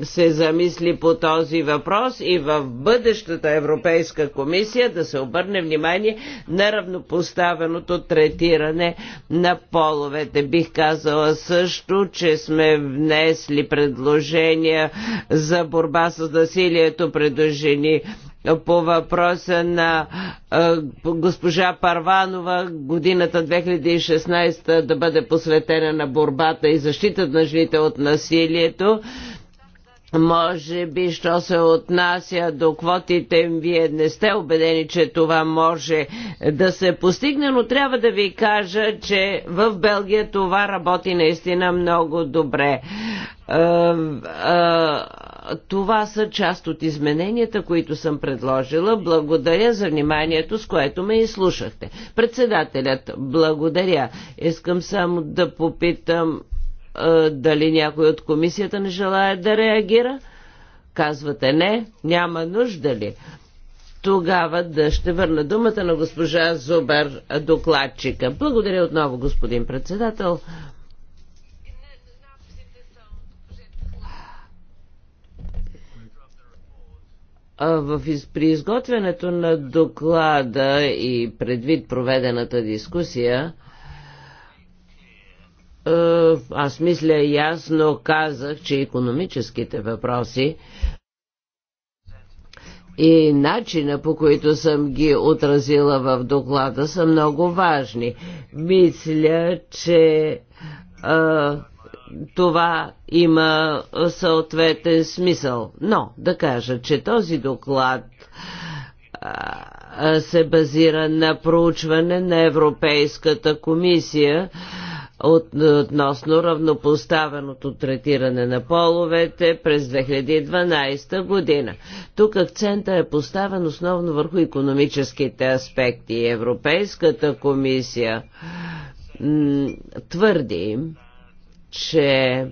се замисли по този въпрос и в бъдещата Европейска комисия да се обърне внимание на равнопоставеното третиране на половете. Бих казала също, че сме внесли предложения за борба с насилието пред жени по въпроса на госпожа Парванова, годината 2016 да бъде посветена на борбата и защита на жените от насилието. Може би, що се отнася до квотите, вие не сте убедени, че това може да се постигне, но трябва да ви кажа, че в Белгия това работи наистина много добре. Е, е, това са част от измененията, които съм предложила. Благодаря за вниманието, с което ме изслушахте. Председателят, благодаря. Искам само да попитам дали някой от комисията не желая да реагира? Казвате не, няма нужда ли? Тогава да ще върна думата на госпожа Зубер, докладчика. Благодаря отново, господин председател. в, при изготвянето на доклада и предвид проведената дискусия, е, аз мисля ясно казах, че економическите въпроси и начина по които съм ги отразила в доклада са много важни. Мисля, че а, е, това има съответен смисъл. Но да кажа, че този доклад а, е, се базира на проучване на Европейската комисия. А, от, относно равнопоставеното третиране на половете през 2012 година. Тук акцента е поставен основно върху економическите аспекти. Европейската комисия твърди, че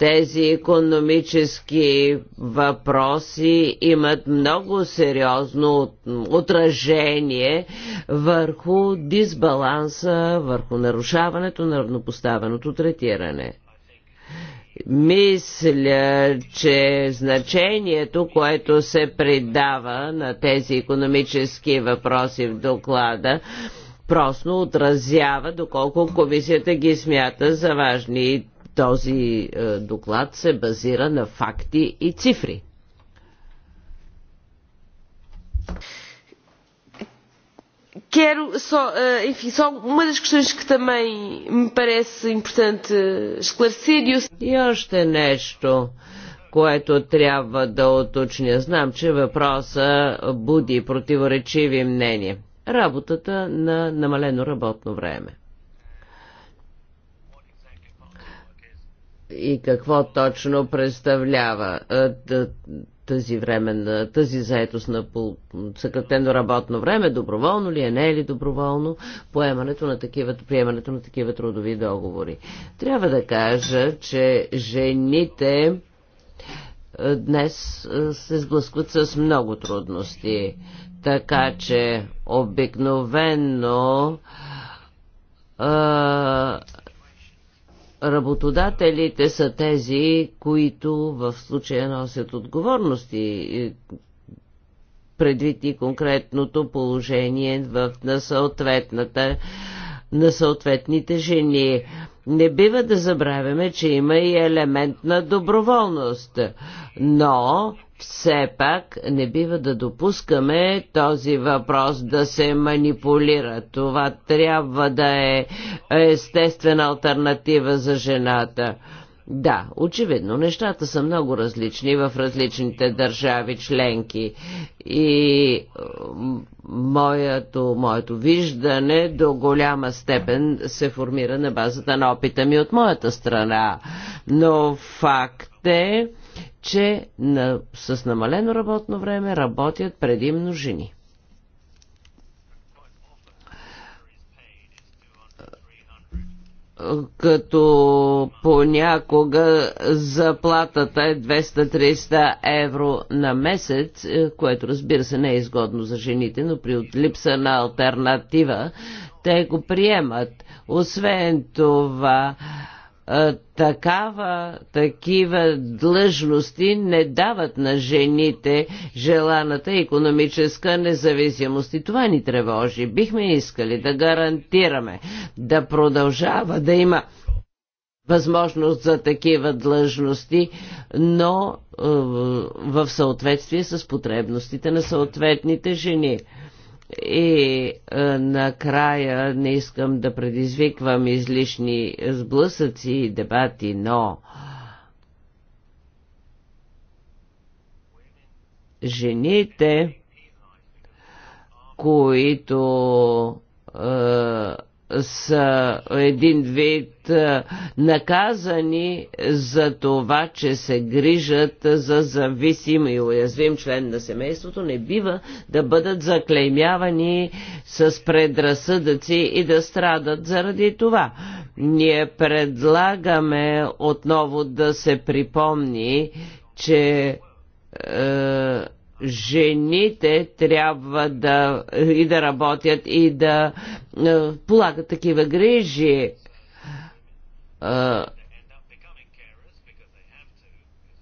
тези економически въпроси имат много сериозно отражение върху дисбаланса, върху нарушаването на равнопоставеното третиране. Мисля, че значението, което се придава на тези економически въпроси в доклада, просто отразява доколко комисията ги смята за важни. И този е, доклад се базира на факти и цифри. Quero só, е, enfim, só uma das questões que também me parece importante esclarecer. E, eu... e още нещо, което трябва да уточня. Знам, че въпроса буди противоречиви мнения. Работата на намалено работно време. и какво точно представлява тази временна, тази заетост на съкратено работно време, доброволно ли е, не е ли доброволно, поемането на такива, приемането на такива трудови договори. Трябва да кажа, че жените днес се сблъскват с много трудности, така че обикновено работодателите са тези, които в случая носят отговорности предвид и конкретното положение в, на, съответната, на съответните жени. Не бива да забравяме, че има и елемент на доброволност, но все пак не бива да допускаме този въпрос да се манипулира. Това трябва да е естествена альтернатива за жената. Да, очевидно, нещата са много различни в различните държави членки и моето, моето виждане до голяма степен се формира на базата на опита ми от моята страна. Но факт е, че на, с намалено работно време работят предимно жени. като понякога заплатата е 200-300 евро на месец, е, което разбира се не е изгодно за жените, но при липса на альтернатива те го приемат. Освен това, такава, такива длъжности не дават на жените желаната економическа независимост. И това ни тревожи. Бихме искали да гарантираме да продължава да има възможност за такива длъжности, но в съответствие с потребностите на съответните жени. И а, е, накрая не искам да предизвиквам излишни сблъсъци и дебати, но жените, които е, са един вид е, наказани за това, че се грижат за зависим и уязвим член на семейството, не бива да бъдат заклеймявани с предразсъдъци и да страдат заради това. Ние предлагаме отново да се припомни, че е, жените трябва да и да работят и да е, полагат такива грижи. Е,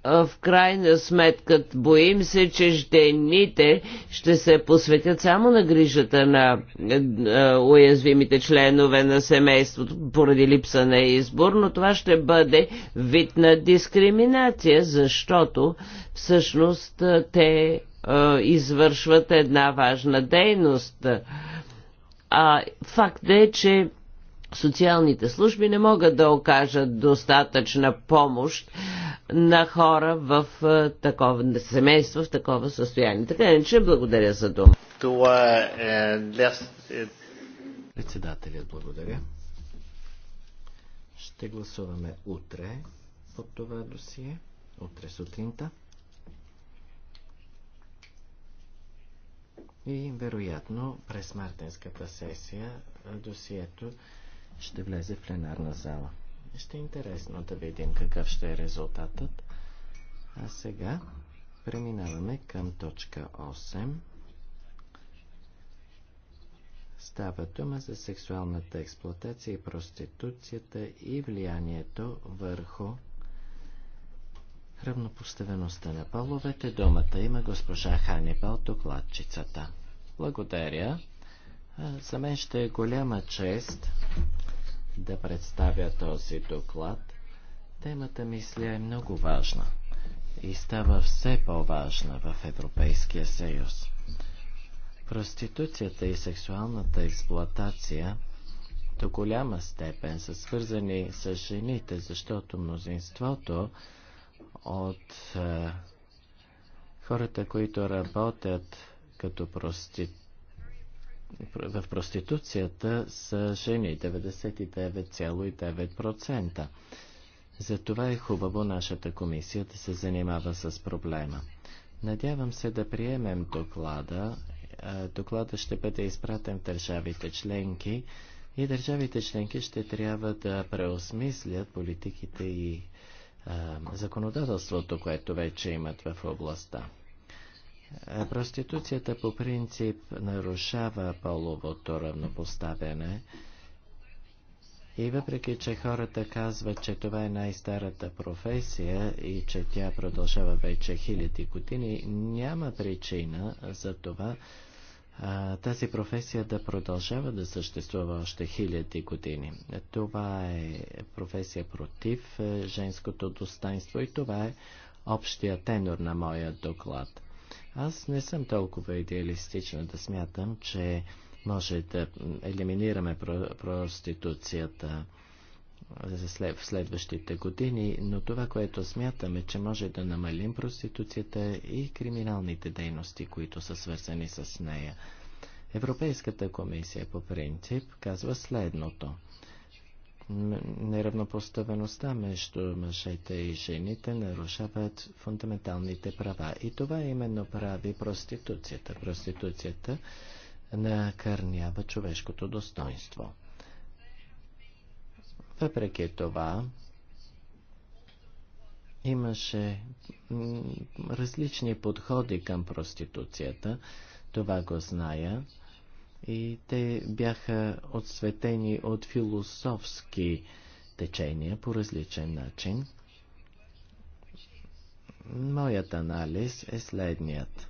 в крайна сметка боим се, че жените ще се посветят само на грижата на е, уязвимите членове на семейството поради липса на избор, но това ще бъде вид на дискриминация, защото всъщност те извършват една важна дейност. А факт е, че социалните служби не могат да окажат достатъчна помощ на хора в такова семейство, в такова състояние. Така че благодаря за дума. Това е, е... Председателят, благодаря. Ще гласуваме утре от това досие, утре сутринта. и вероятно през мартенската сесия досието ще влезе в пленарна зала. Ще е интересно да видим какъв ще е резултатът. А сега преминаваме към точка 8. Става дума за сексуалната експлоатация и проституцията и влиянието върху равнопоставеността на половете. Думата има госпожа Ханибал, докладчицата. Благодаря. За мен ще е голяма чест да представя този доклад. Темата, мисля, е много важна и става все по-важна в Европейския съюз. Проституцията и сексуалната експлоатация до голяма степен са свързани с жените, защото мнозинството от е, хората, които работят като в проституцията са жени 99,9%. Затова е хубаво нашата комисия да се занимава с проблема. Надявам се да приемем доклада. Е, доклада ще бъде изпратен в държавите членки и държавите членки ще трябва да преосмислят политиките и законодателството, което вече имат в областта. Проституцията по принцип нарушава половото равнопоставяне и въпреки, че хората казват, че това е най-старата професия и че тя продължава вече хиляди години, няма причина за това тази професия да продължава да съществува още хиляди години. Това е професия против е, женското достоинство и това е общия тенор на моя доклад. Аз не съм толкова идеалистична да смятам, че може да елиминираме проституцията за след, в следващите години, но това, което смятаме, че може да намалим проституцията и криминалните дейности, които са свързани с нея. Европейската комисия по принцип казва следното. Неравнопоставеността между мъжете и жените нарушават фундаменталните права. И това именно прави проституцията. Проституцията накърнява човешкото достоинство. Въпреки това, имаше различни подходи към проституцията. Това го зная. И те бяха отсветени от философски течения по различен начин. Моят анализ е следният.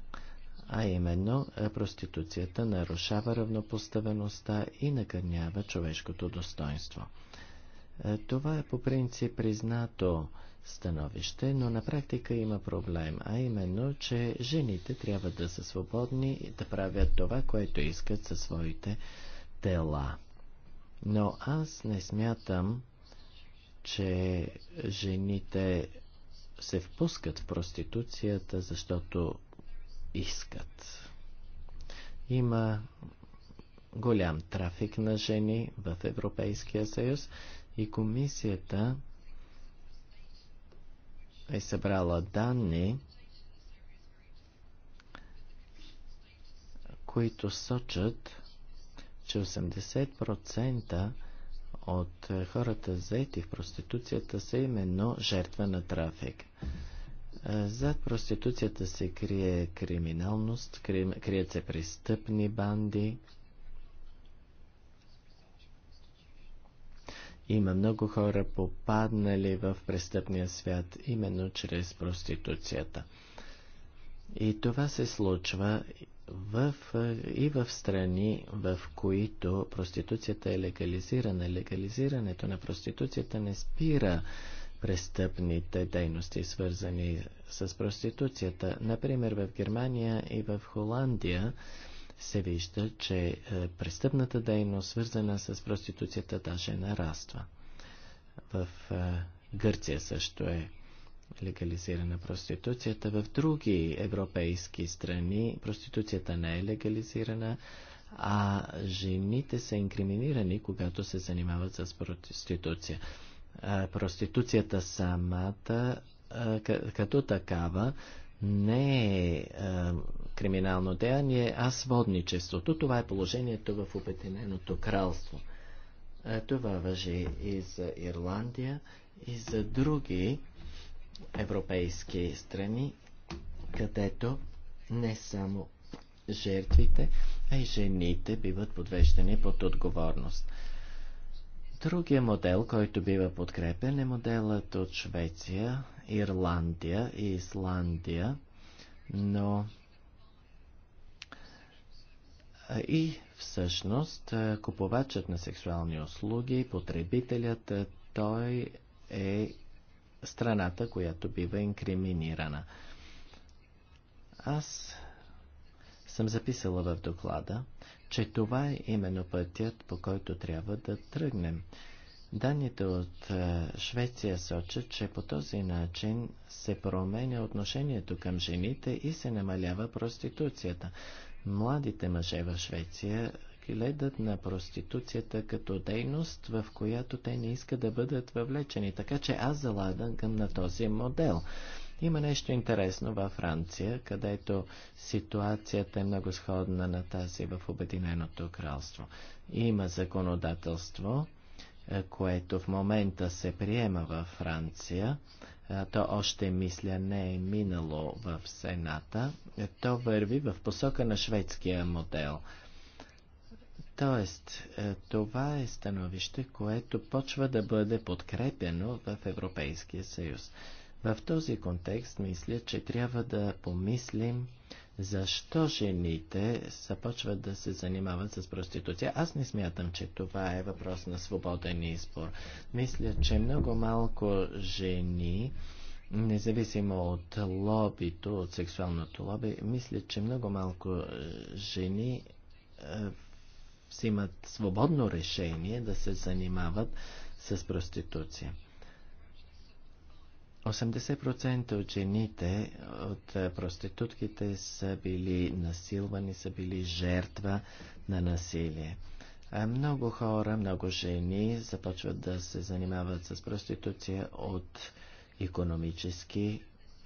А именно, е, проституцията нарушава равнопоставеността и накърнява човешкото достоинство. Е, това е по принцип признато становище, но на практика има проблем, а именно, че жените трябва да са свободни и да правят това, което искат със своите тела. Но аз не смятам, че жените се впускат в проституцията, защото искат. Има голям трафик на жени в Европейския съюз. И комисията е събрала данни, които сочат, че 80% от хората заети в проституцията са именно жертва на трафик. Зад проституцията се крие криминалност, крият се престъпни банди, Има много хора попаднали в престъпния свят именно чрез проституцията. И това се случва в, и в страни, в които проституцията е легализирана. Легализирането на проституцията не спира престъпните дейности, свързани с проституцията. Например, в Германия и в Холандия се вижда, че е, престъпната дейност, свързана с проституцията, даже нараства. В е, Гърция също е легализирана проституцията. В други европейски страни проституцията не е легализирана, а жените са инкриминирани, когато се занимават с проституция. Е, проституцията самата като такава не е, е криминално деяние, а сводничеството. Това е положението в Обединеното кралство. Е, това въжи и за Ирландия, и за други европейски страни, където не само жертвите, а и жените биват подвеждани под отговорност. Другия модел, който бива подкрепен е моделът от Швеция Ирландия и Исландия, но и всъщност купувачът на сексуални услуги, потребителят, той е страната, която бива инкриминирана. Аз съм записала в доклада, че това е именно пътят, по който трябва да тръгнем. Данните от е, Швеция сочат, че по този начин се променя отношението към жените и се намалява проституцията. Младите мъже в Швеция гледат на проституцията като дейност, в която те не искат да бъдат въвлечени. Така че аз залагам на този модел. Има нещо интересно във Франция, където ситуацията е много сходна на тази в Обединеното кралство. Има законодателство, е, което в момента се приема във Франция. Е, то още, мисля, не е минало в Сената. Е, то върви в посока на шведския модел. Тоест, това е становище, което почва да бъде подкрепено в Европейския съюз. В този контекст мисля, че трябва да помислим защо жените започват да се занимават с проституция? Аз не смятам, че това е въпрос на свободен избор. Мисля, че много малко жени, независимо от лобито, от сексуалното лоби, мисля, че много малко е, жени е, взимат свободно решение да се занимават с проституция. 80% от жените, от е, проститутките са били насилвани, са били жертва на насилие. А е, много хора, много жени започват да се занимават с проституция от економически,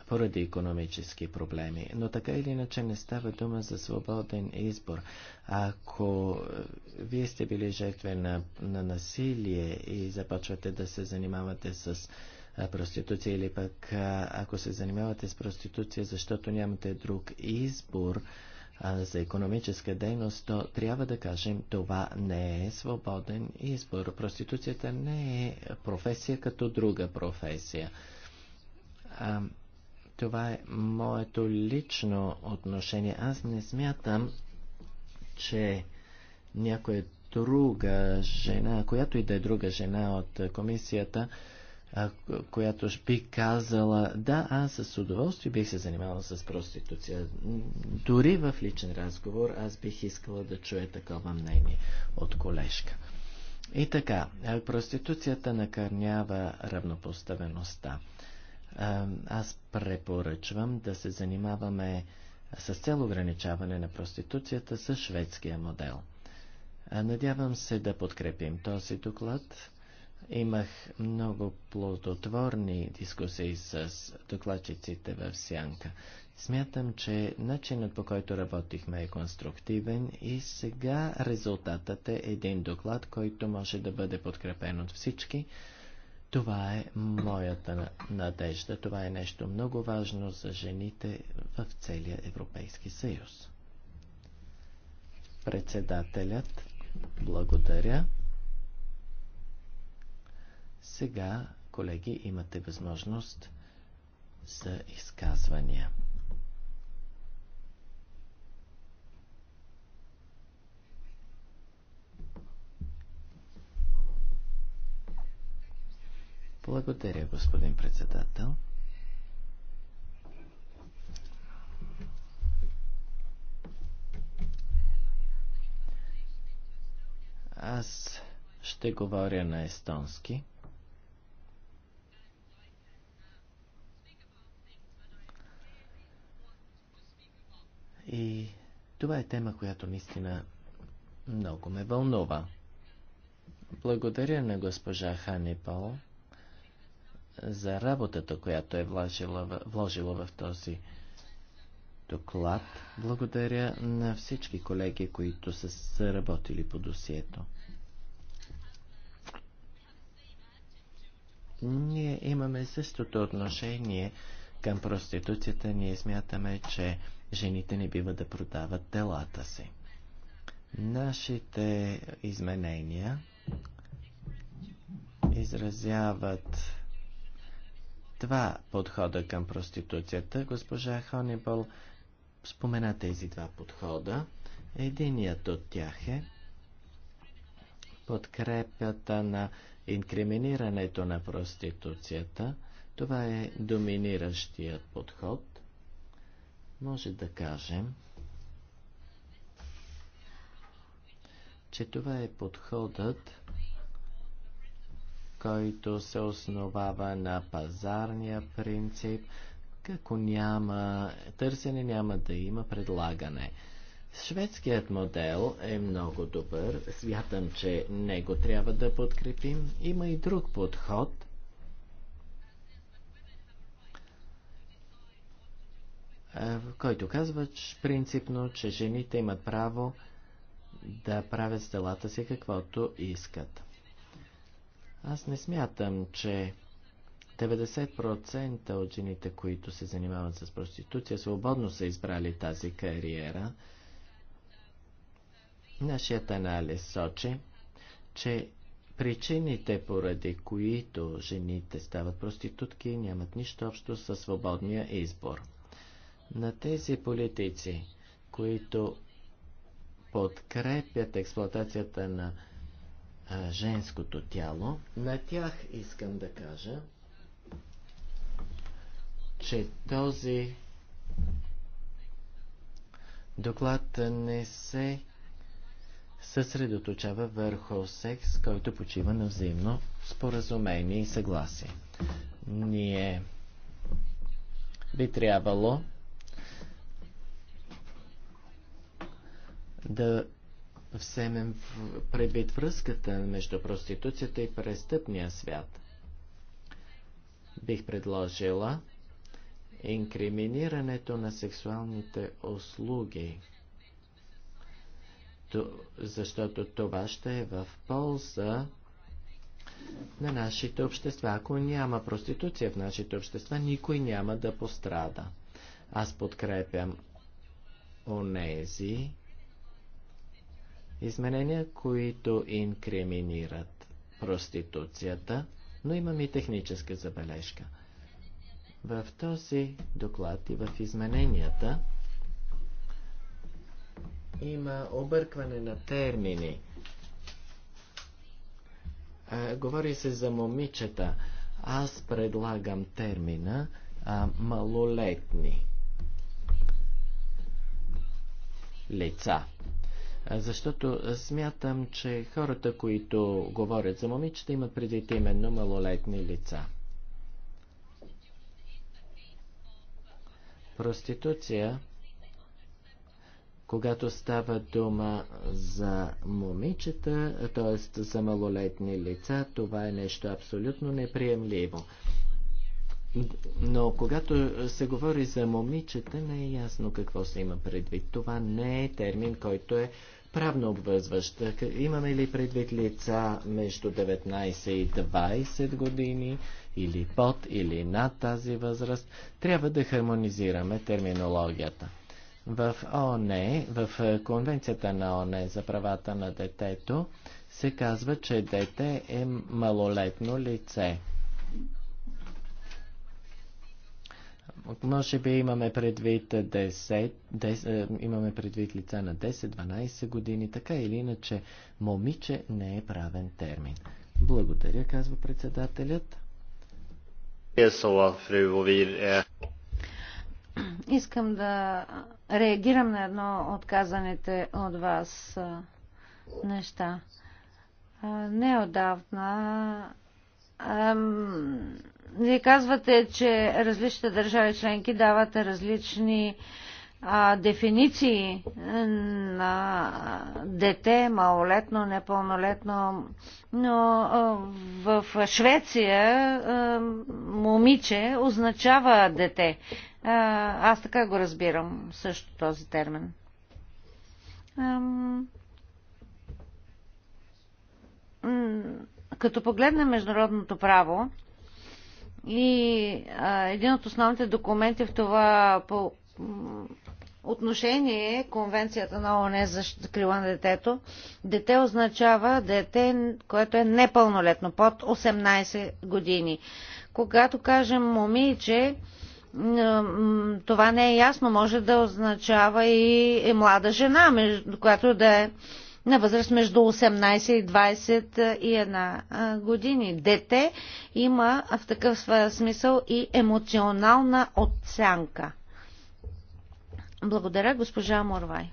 поради економически проблеми. Но така или иначе не става дума за свободен избор. Ако е, вие сте били жертви на, на насилие и започвате да се занимавате с проституция или пък ако се занимавате с проституция, защото нямате друг избор за економическа дейност, то трябва да кажем, това не е свободен избор. Проституцията не е професия като друга професия. А, това е моето лично отношение. Аз не смятам, че някоя друга жена, която и да е друга жена от комисията, която би казала, да, аз с удоволствие бих се занимавала с проституция. Дори в личен разговор аз бих искала да чуя такова мнение от колежка. И така, проституцията накърнява равнопоставеността. Аз препоръчвам да се занимаваме с цел ограничаване на проституцията с шведския модел. Надявам се да подкрепим този доклад. Имах много плодотворни дискусии с докладчиците в Сянка. Смятам, че начинът по който работихме е конструктивен и сега резултатът е един доклад, който може да бъде подкрепен от всички. Това е моята надежда. Това е нещо много важно за жените в целия Европейски съюз. Председателят, благодаря. Сега, колеги, имате възможност за изказвания. Благодаря, господин председател. Аз ще говоря на естонски. И това е тема, която наистина много ме вълнува. Благодаря на госпожа Ханипал за работата, която е вложила, в, вложила в този доклад. Благодаря на всички колеги, които са работили по досието. Ние имаме същото отношение към проституцията. Ние смятаме, че жените не бива да продават телата си. Нашите изменения изразяват два подхода към проституцията. Госпожа Ханибал спомена тези два подхода. Единият от тях е подкрепята на инкриминирането на проституцията. Това е доминиращият подход може да кажем, че това е подходът, който се основава на пазарния принцип. Ако няма търсене, няма да има предлагане. Шведският модел е много добър. Смятам, че него трябва да подкрепим. Има и друг подход – който казва че принципно, че жените имат право да правят с делата си каквото искат. Аз не смятам, че 90% от жените, които се занимават с проституция, свободно са избрали тази кариера. Нашият анализ сочи, че причините, поради които жените стават проститутки, нямат нищо общо със свободния избор на тези политици, които подкрепят експлоатацията на а, женското тяло, на тях искам да кажа, че този доклад не се съсредоточава върху секс, който почива на взаимно споразумение и съгласие. Ние би трябвало да вземем предвид връзката между проституцията и престъпния свят. Бих предложила инкриминирането на сексуалните услуги, защото това ще е в полза на нашите общества. Ако няма проституция в нашите общества, никой няма да пострада. Аз подкрепям онези, изменения, които инкриминират проституцията, но имам и техническа забележка. В този доклад и в измененията има объркване на термини. А, говори се за момичета. Аз предлагам термина а, малолетни лица. Защото смятам, че хората, които говорят за момичета, имат предвид именно малолетни лица. Проституция, когато става дума за момичета, т.е. за малолетни лица, това е нещо абсолютно неприемливо. Но когато се говори за момичета, не е ясно какво се има предвид. Това не е термин, който е правно обвързващ. Имаме ли предвид лица между 19 и 20 години или под или над тази възраст? Трябва да хармонизираме терминологията. В ООН, в е, Конвенцията на ОНЕ за правата на детето, се казва, че дете е малолетно лице. Може би имаме предвид, 10, 10, е, имаме предвид лица на 10-12 години, така или иначе момиче не е правен термин. Благодаря, казва председателят. Е, е. Искам да реагирам на едно от казаните от вас неща. Неодавна вие казвате, че различните държави членки дават различни а, дефиниции на дете, малолетно, непълнолетно, но а, в Швеция а, момиче означава дете. А, аз така го разбирам също този термин. Ам... Като погледнем международното право, и а, един от основните документи в това по, отношение е Конвенцията на ООН за крила на детето. Дете означава дете, което е непълнолетно, под 18 години. Когато кажем момиче, това не е ясно, може да означава и млада жена, която да е на възраст между 18 и 21 години. Дете има в такъв смисъл и емоционална оценка. Благодаря, госпожа Морвай.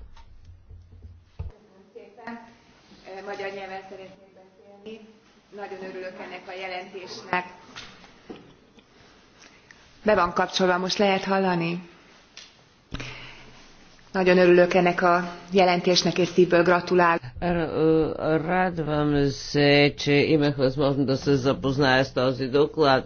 Be van kapcsolva, most lehet hallani? Nagyon örülök ennek a jelentésnek, és szívből е, Радвам се, че имах възможност да се запозная с този доклад.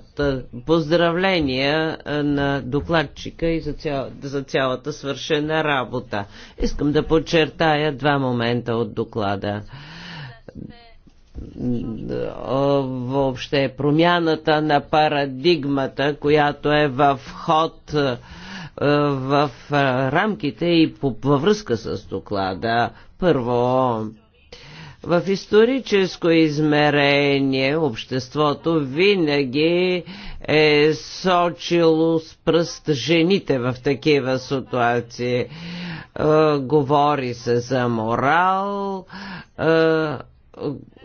Поздравления е, на докладчика и за, цял, за цялата свършена работа. Искам да подчертая два момента от доклада въобще промяната на парадигмата, която е в ход е, е, в е, рамките и във връзка с доклада. Първо, в историческо измерение обществото винаги е сочило с пръст жените в такива ситуации. Е, говори се за морал,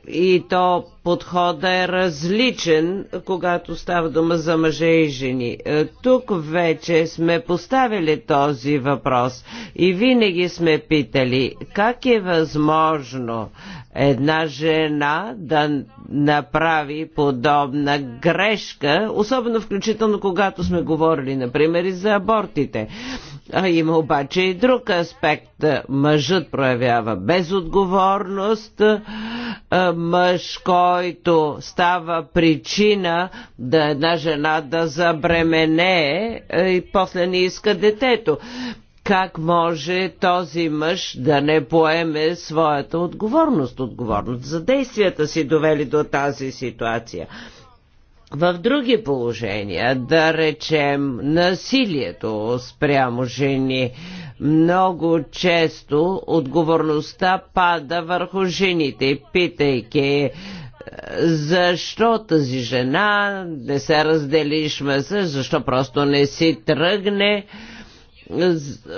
и то подхода е различен, когато става дума за мъже и жени. Е, тук вече сме поставили този въпрос и винаги сме питали как е възможно една жена да направи подобна грешка, особено включително когато сме говорили, например, и за абортите. А има обаче и друг аспект. Мъжът проявява безотговорност, мъж, който става причина да една жена да забремене и после не иска детето. Как може този мъж да не поеме своята отговорност, отговорност за действията си довели до тази ситуация? в други положения, да речем насилието спрямо жени, много често отговорността пада върху жените, питайки е, защо тази жена не се разделиш с, защо просто не си тръгне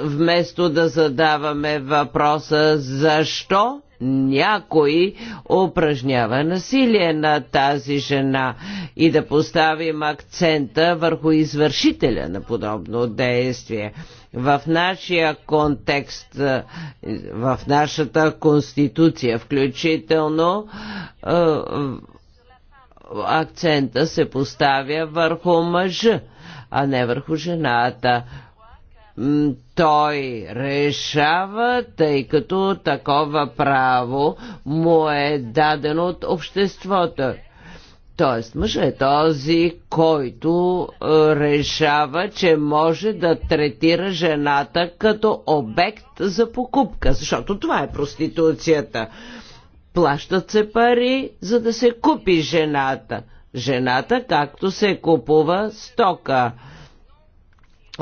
вместо да задаваме въпроса защо някой упражнява насилие на тази жена и да поставим акцента върху извършителя на подобно действие. В нашия контекст, е, в нашата конституция включително, е, акцента се поставя върху мъжа, а не върху жената той решава, тъй като такова право му е дадено от обществото. Тоест, мъжът е този, който е, решава, че може да третира жената като обект за покупка, защото това е проституцията. Плащат се пари, за да се купи жената. Жената, както се купува стока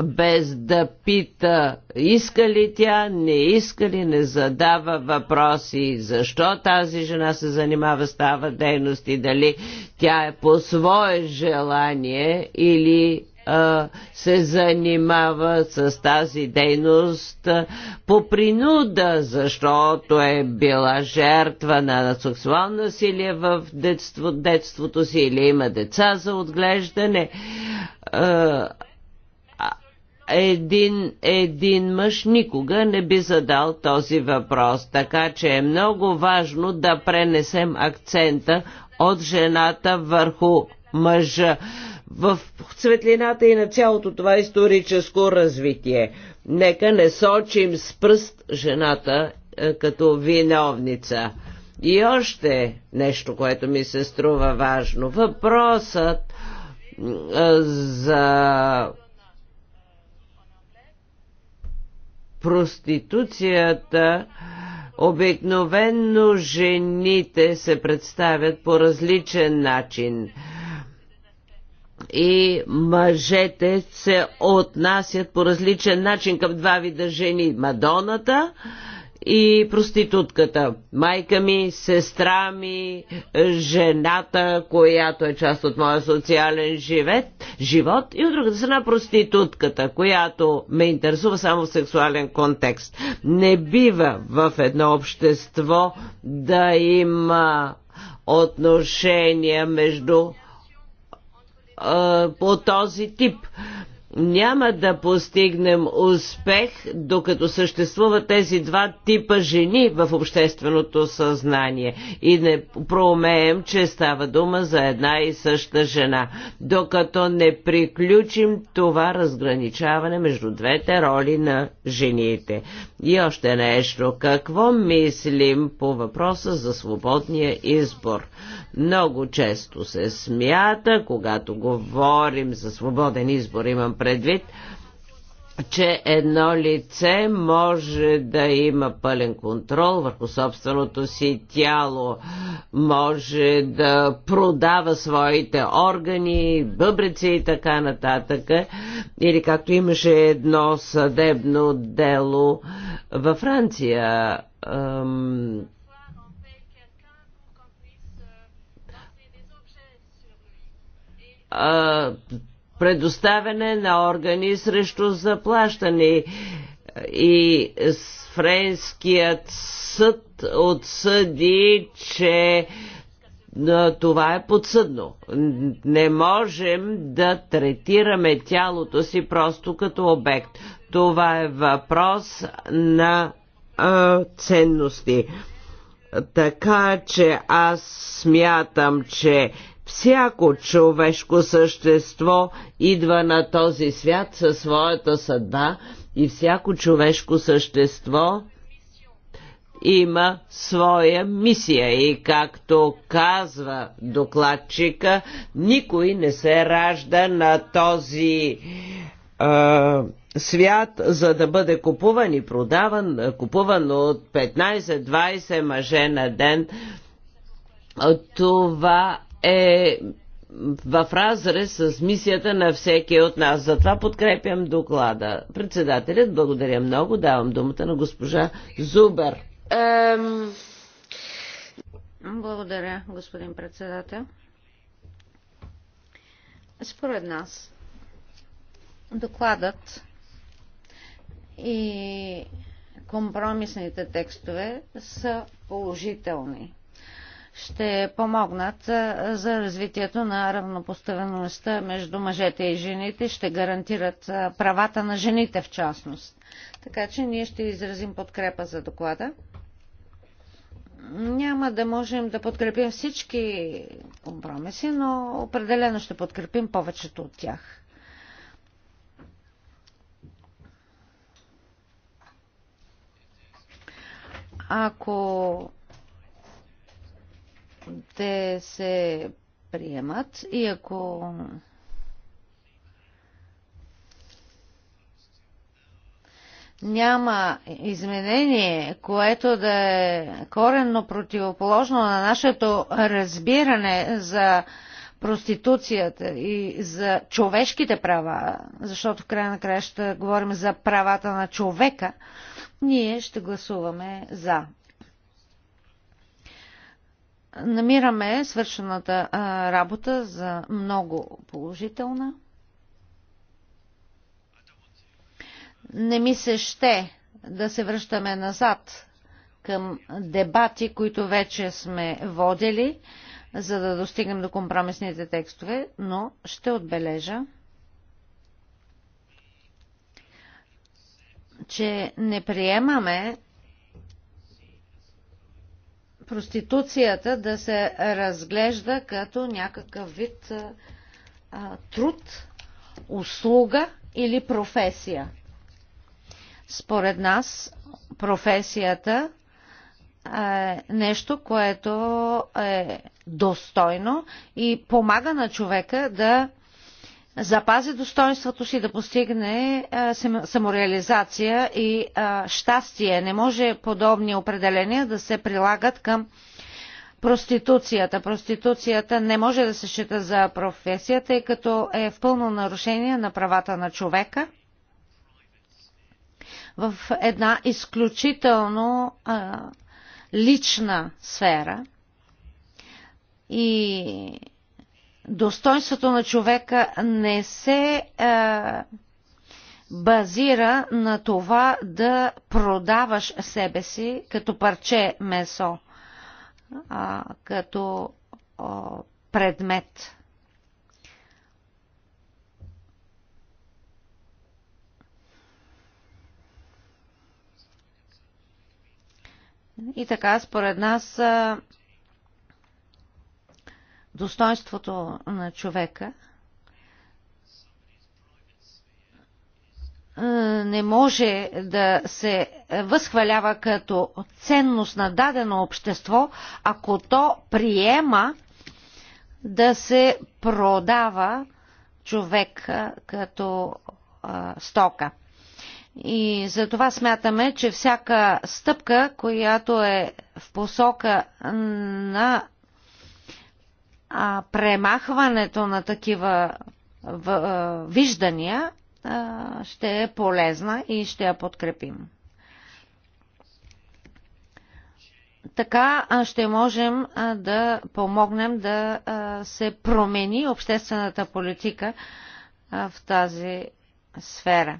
без да пита иска ли тя, не иска ли, не задава въпроси защо тази жена се занимава с тази дейност и дали тя е по свое желание или а, се занимава с тази дейност а, по принуда, защото е била жертва на сексуална насилие в детство, детството си или има деца за отглеждане. А, един, един мъж никога не би задал този въпрос, така че е много важно да пренесем акцента от жената върху мъжа в светлината и на цялото това историческо развитие. Нека не сочим с пръст жената е, като виновница. И още нещо, което ми се струва важно. Въпросът е, за проституцията обикновенно жените се представят по различен начин и мъжете се отнасят по различен начин към два вида жени. Мадоната и проститутката, майка ми, сестра ми, жената, която е част от моя социален живет, живот и от другата страна проститутката, която ме интересува само в сексуален контекст. Не бива в едно общество да има отношения между по този тип няма да постигнем успех, докато съществуват тези два типа жени в общественото съзнание и не проумеем, че става дума за една и съща жена, докато не приключим това разграничаване между двете роли на жените. И още нещо, какво мислим по въпроса за свободния избор? Много често се смята, когато говорим за свободен избор, имам предвид, че едно лице може да има пълен контрол върху собственото си тяло, може да продава своите органи, бъбрици и така нататък. Или както имаше едно съдебно дело във Франция, предоставяне на органи срещу заплащане и френският съд отсъди, че това е подсъдно. Не можем да третираме тялото си просто като обект. Това е въпрос на а, ценности. Така че аз смятам, че Всяко човешко същество идва на този свят със своята съдба и всяко човешко същество има своя мисия и както казва докладчика, никой не се ражда на този а, свят, за да бъде купуван и продаван, купуван от 15-20 мъже на ден. Това е в разрез с мисията на всеки от нас. Затова подкрепям доклада. Председателят, благодаря много. Давам думата на госпожа Зубер. Ем... Благодаря, господин председател. Според нас, докладът и компромисните текстове са положителни ще помогнат за развитието на равнопоставеността между мъжете и жените, ще гарантират правата на жените в частност. Така че ние ще изразим подкрепа за доклада. Няма да можем да подкрепим всички компромиси, но определено ще подкрепим повечето от тях. Ако те се приемат и ако няма изменение, което да е коренно противоположно на нашето разбиране за проституцията и за човешките права, защото в края на края ще говорим за правата на човека, ние ще гласуваме за. Намираме свършената работа за много положителна. Не ми се ще да се връщаме назад към дебати, които вече сме водили, за да достигнем до компромисните текстове, но ще отбележа, че не приемаме проституцията да се разглежда като някакъв вид а, труд, услуга или професия. Според нас професията е нещо, което е достойно и помага на човека да запази достоинството си, да постигне самореализация и щастие. Не може подобни определения да се прилагат към проституцията. Проституцията не може да се счита за професия, тъй като е в пълно нарушение на правата на човека в една изключително а, лична сфера. И достоинството на човека не се е, базира на това да продаваш себе си като парче месо, а, като а, предмет. И така, според нас, е, достоинството на човека, е, не може да се възхвалява като ценност на дадено общество, ако то приема да се продава човек като а, стока. И за това смятаме, че всяка стъпка, която е в посока на а, премахването на такива в, а, виждания а, ще е полезна и ще я подкрепим. Така ще можем да помогнем да се промени обществената политика в тази сфера.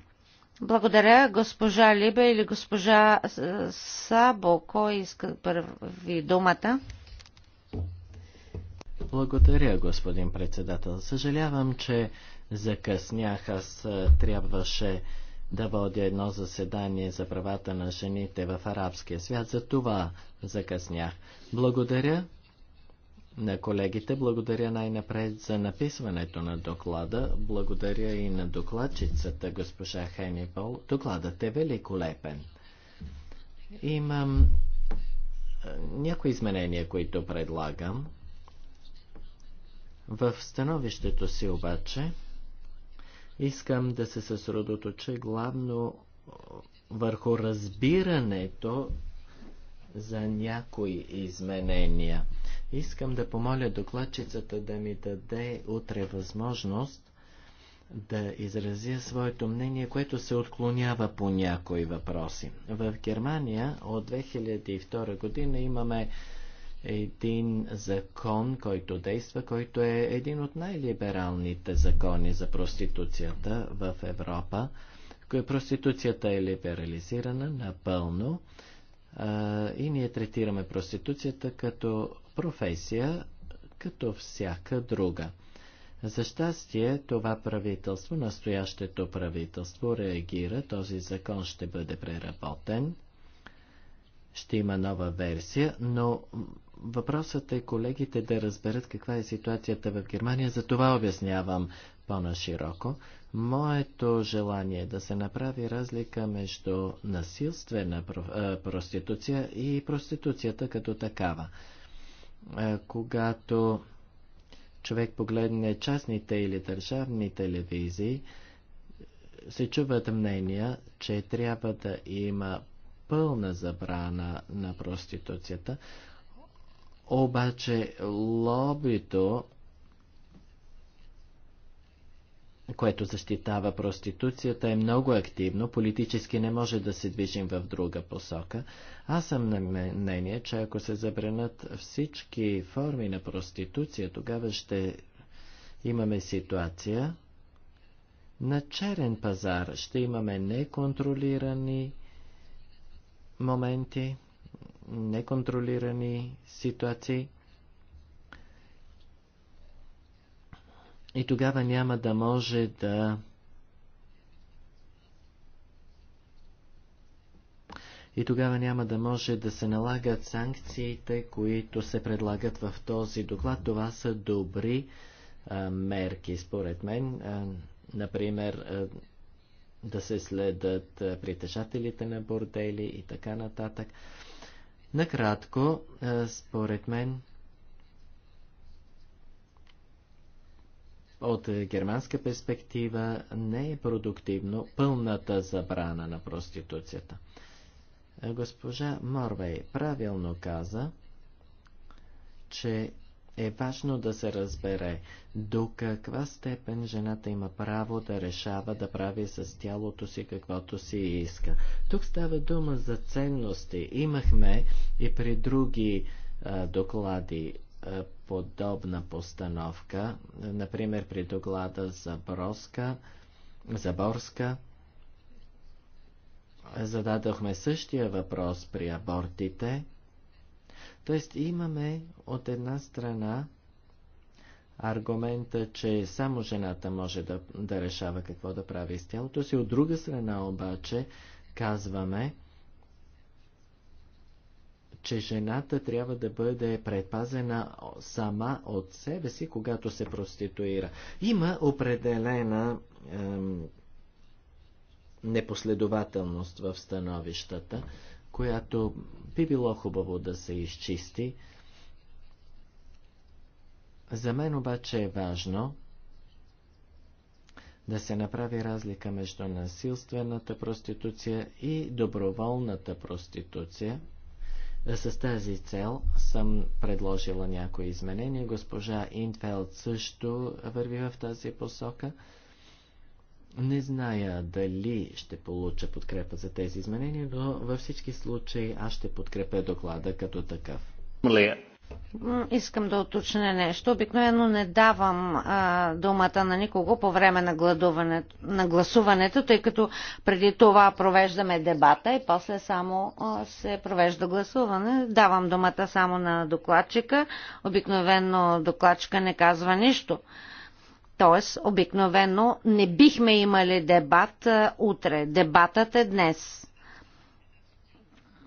Благодаря госпожа Либе или госпожа Сабо. Кой иска първи думата? Благодаря, господин председател. Съжалявам, че закъснях. Аз е, трябваше да водя едно заседание за правата на жените в арабския свят. За това закъснях. Благодаря на колегите, благодаря най-напред за написването на доклада, благодаря и на докладчицата госпожа Хенипол. Докладът е великолепен. Имам е, някои изменения, които предлагам. В становището си обаче искам да се съсредоточа главно върху разбирането за някои изменения. Искам да помоля докладчицата да ми даде утре възможност да изразя своето мнение, което се отклонява по някои въпроси. В Германия от 2002 година имаме един закон, който действа, който е един от най-либералните закони за проституцията в Европа. Проституцията е либерализирана напълно а, и ние третираме проституцията като професия, като всяка друга. За щастие, това правителство, настоящето правителство реагира, този закон ще бъде преработен, ще има нова версия, но Въпросът е колегите да разберат каква е ситуацията в Германия, за това обяснявам по-нашироко. Моето желание е да се направи разлика между насилствена проституция и проституцията като такава. Когато човек погледне частните или държавни телевизии, се чуват мнения, че трябва да има пълна забрана на проституцията, обаче лобито, което защитава проституцията, е много активно. Политически не може да се движим в друга посока. Аз съм на мнение, че ако се забранат всички форми на проституция, тогава ще имаме ситуация на черен пазар. Ще имаме неконтролирани моменти неконтролирани ситуации. И тогава няма да може да и тогава няма да може да се налагат санкциите, които се предлагат в този доклад. Това са добри а, мерки, според мен. А, например, а, да се следят притежателите на бордели и така нататък. А, Накратко, е, според мен, от германска перспектива не е продуктивно пълната забрана на проституцията. Е, госпожа Морвей правилно каза, че е важно да се разбере до каква степен жената има право да решава да прави с тялото си каквото си иска. Тук става дума за ценности. Имахме и при други а, доклади а, подобна постановка, например при доклада за Броска, за Борска. Зададохме същия въпрос при абортите – Тоест имаме от една страна аргумента, че само жената може да, да решава какво да прави с тялото си. От друга страна обаче казваме, че жената трябва да бъде предпазена сама от себе си, когато се проституира. Има определена ем, непоследователност в становищата, която би било хубаво да се изчисти. За мен обаче е важно да се направи разлика между насилствената проституция и доброволната проституция. С тази цел съм предложила някои изменения. Госпожа Инфелд също върви в тази посока. Не зная дали ще получа подкрепа за тези изменения, но във всички случаи аз ще подкрепя доклада като такъв. Искам да уточня нещо. Обикновено не давам а, думата на никого по време на, гладуването, на гласуването, тъй като преди това провеждаме дебата и после само а, се провежда гласуване. Давам думата само на докладчика. Обикновено докладчика не казва нищо. Т.е. обикновено не бихме имали дебат утре. Дебатът е днес.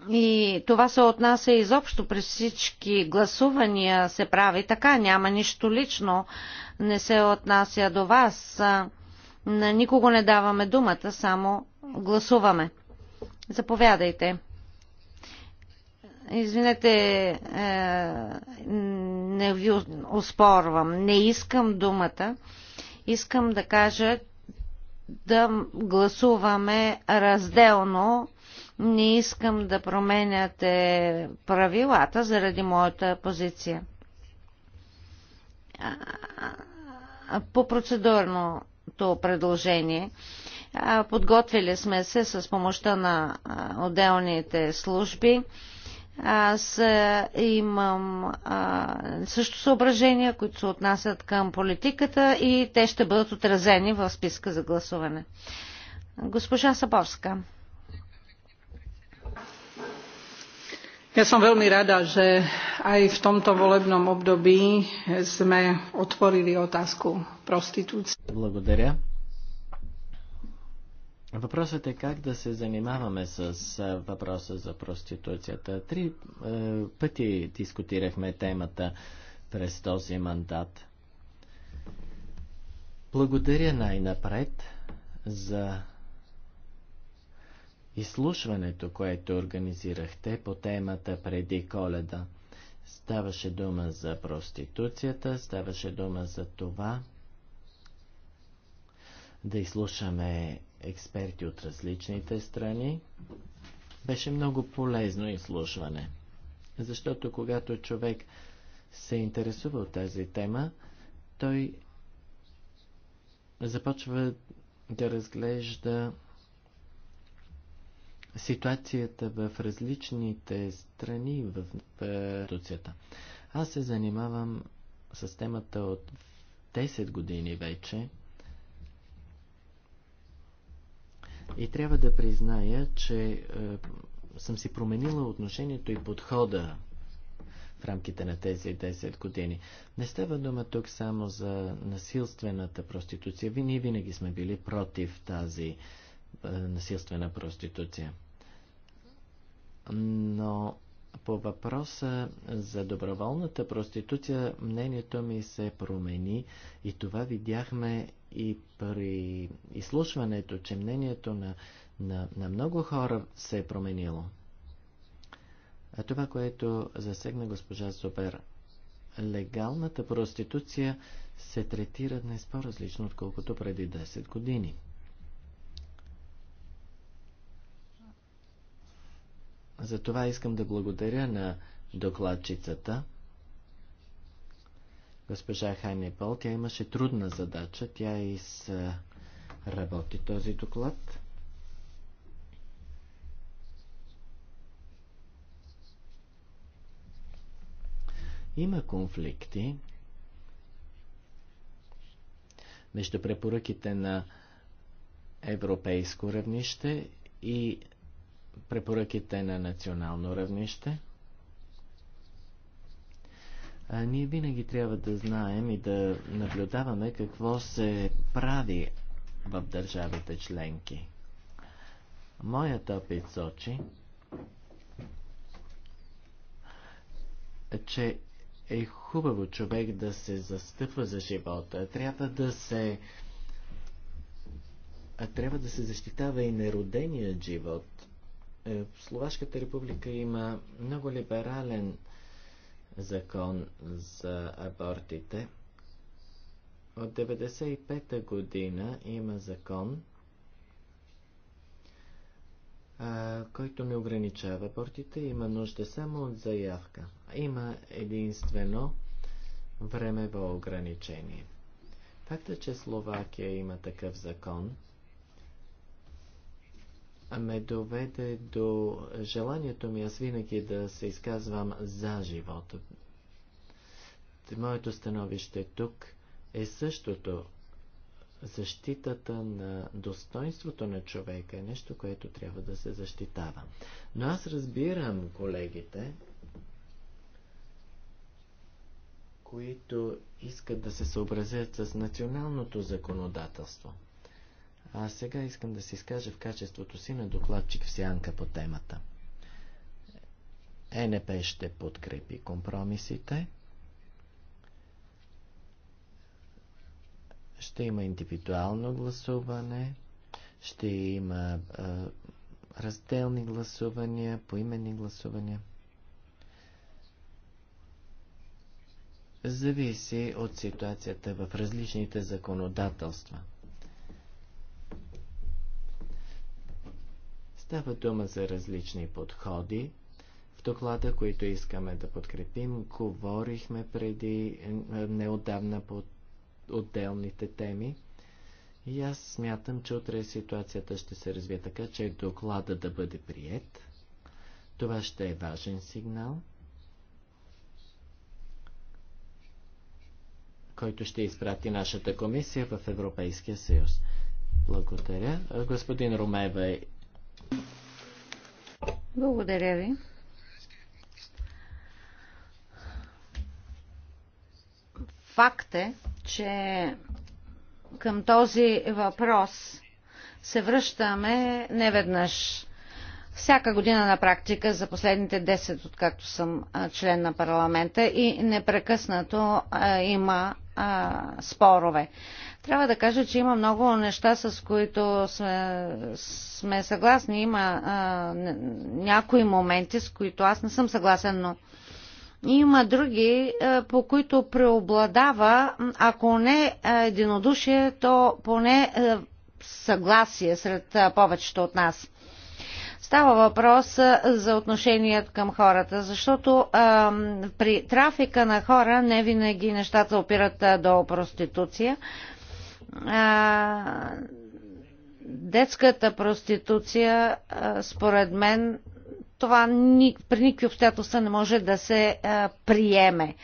И това се отнася изобщо при всички гласувания се прави така, няма нищо лично, не се отнася до вас. На никого не даваме думата, само гласуваме. Заповядайте. Извинете, е, не ви оспорвам. Не искам думата. Искам да кажа да гласуваме разделно. Не искам да променяте правилата заради моята позиция. По процедурното предложение. Подготвили сме се с помощта на отделните служби аз е, имам а, също съображения, които се отнасят към политиката и те ще бъдат отразени в списка за гласуване. Госпожа Саборска. Я съм велми рада, че aj в томто волебном období сме отворили отазку проституция. Благодаря. Въпросът е как да се занимаваме с въпроса за проституцията. Три е, пъти дискутирахме темата през този мандат. Благодаря най-напред за изслушването, което организирахте по темата преди коледа. Ставаше дума за проституцията, ставаше дума за това да изслушаме експерти от различните страни. Беше много полезно изслушване, защото когато човек се интересува от тази тема, той започва да разглежда ситуацията в различните страни в институцията. Аз се занимавам с темата от 10 години вече. И трябва да призная, че е, съм си променила отношението и подхода в рамките на тези 10 години. Не става дума тук само за насилствената проституция. Ви, ние винаги сме били против тази е, насилствена проституция. Но по въпроса за доброволната проституция мнението ми се промени и това видяхме и при изслушването, че мнението на, на, на много хора се е променило. А това, което засегна госпожа Зобер, легалната проституция се третира днес по-различно, отколкото преди 10 години. Затова искам да благодаря на докладчицата госпожа Ханибол. Тя имаше трудна задача. Тя изработи този доклад. Има конфликти между препоръките на европейско равнище и препоръките на национално равнище – ние винаги трябва да знаем и да наблюдаваме какво се прави в държавите членки. Моят опит сочи, че е хубаво човек да се застъпва за живота. Трябва да се а трябва да се защитава и нероденият живот. Е, в Словашката република има много либерален закон за абортите. От 1995-та година има закон, а, който не ограничава абортите. Има нужда само от заявка. Има единствено времево ограничение. Факта, че Словакия има такъв закон, ме доведе до желанието ми аз винаги да се изказвам за живота. Моето становище тук е същото. Защитата на достоинството на човека е нещо, което трябва да се защитава. Но аз разбирам колегите, които искат да се съобразят с националното законодателство. А сега искам да се изкажа в качеството си на докладчик в сянка по темата. ЕНП ще подкрепи компромисите. Ще има индивидуално гласуване, ще има а, разделни гласувания, поименни гласувания. Зависи от ситуацията в различните законодателства. Става дума за различни подходи. В доклада, които искаме да подкрепим, говорихме преди е, неодавна по отделните теми. И аз смятам, че утре ситуацията ще се развие така, че доклада да бъде прият. Това ще е важен сигнал, който ще изпрати нашата комисия в Европейския съюз. Благодаря. Господин Ромева благодаря ви. Факт е, че към този въпрос се връщаме неведнъж. Всяка година на практика за последните 10, откакто съм член на парламента и непрекъснато има спорове. Трябва да кажа, че има много неща, с които сме, сме съгласни. Има а, някои моменти, с които аз не съм съгласен, но има други, а, по които преобладава, ако не единодушие, то поне а, съгласие сред а, повечето от нас. Става въпрос за отношението към хората, защото а, при трафика на хора не винаги нещата опират а, до проституция а, детската проституция, а, според мен, това ни, при никакви обстоятелства не може да се а, приеме.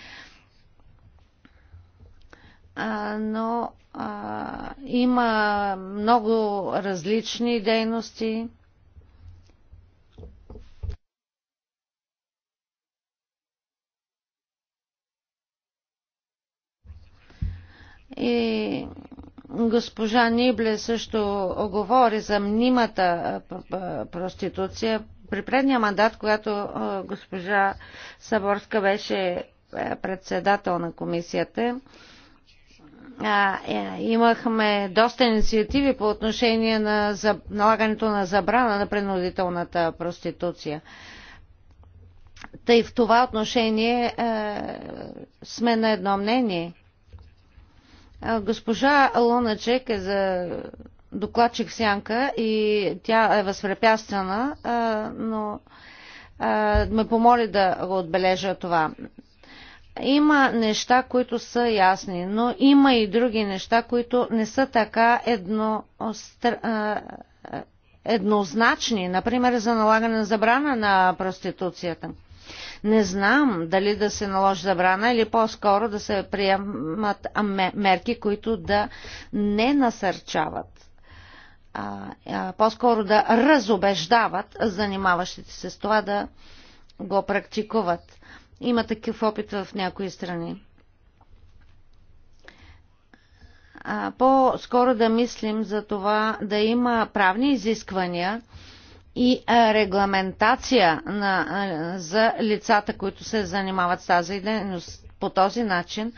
А, но а, има много различни дейности. И Госпожа Нибле също оговори за мнимата проституция. При предния мандат, когато госпожа Саборска беше е, председател на комисията, е, имахме доста инициативи по отношение на налагането на забрана на принудителната проституция. Тъй в това отношение е, сме на едно мнение – Госпожа Лоначек е за докладчик Сянка и тя е възпрепятствана, но ме помоли да го отбележа това. Има неща, които са ясни, но има и други неща, които не са така едно, еднозначни. Например, за налагане на забрана на проституцията. Не знам дали да се наложи забрана или по-скоро да се приемат мерки, които да не насърчават, а по-скоро да разобеждават занимаващите се с това да го практикуват. Има такъв опит в някои страни. по-скоро да мислим за това да има правни изисквания и регламентация на, за лицата, които се занимават с тази дейност. По този начин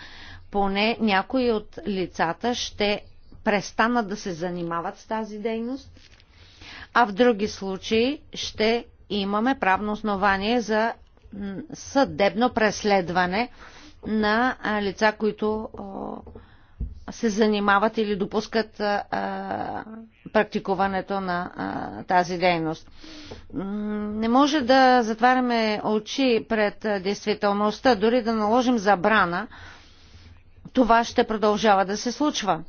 поне някои от лицата ще престанат да се занимават с тази дейност, а в други случаи ще имаме правно основание за съдебно преследване на лица, които се занимават или допускат практикуването на а, тази дейност. Не може да затваряме очи пред действителността, дори да наложим забрана, това ще продължава да се случва.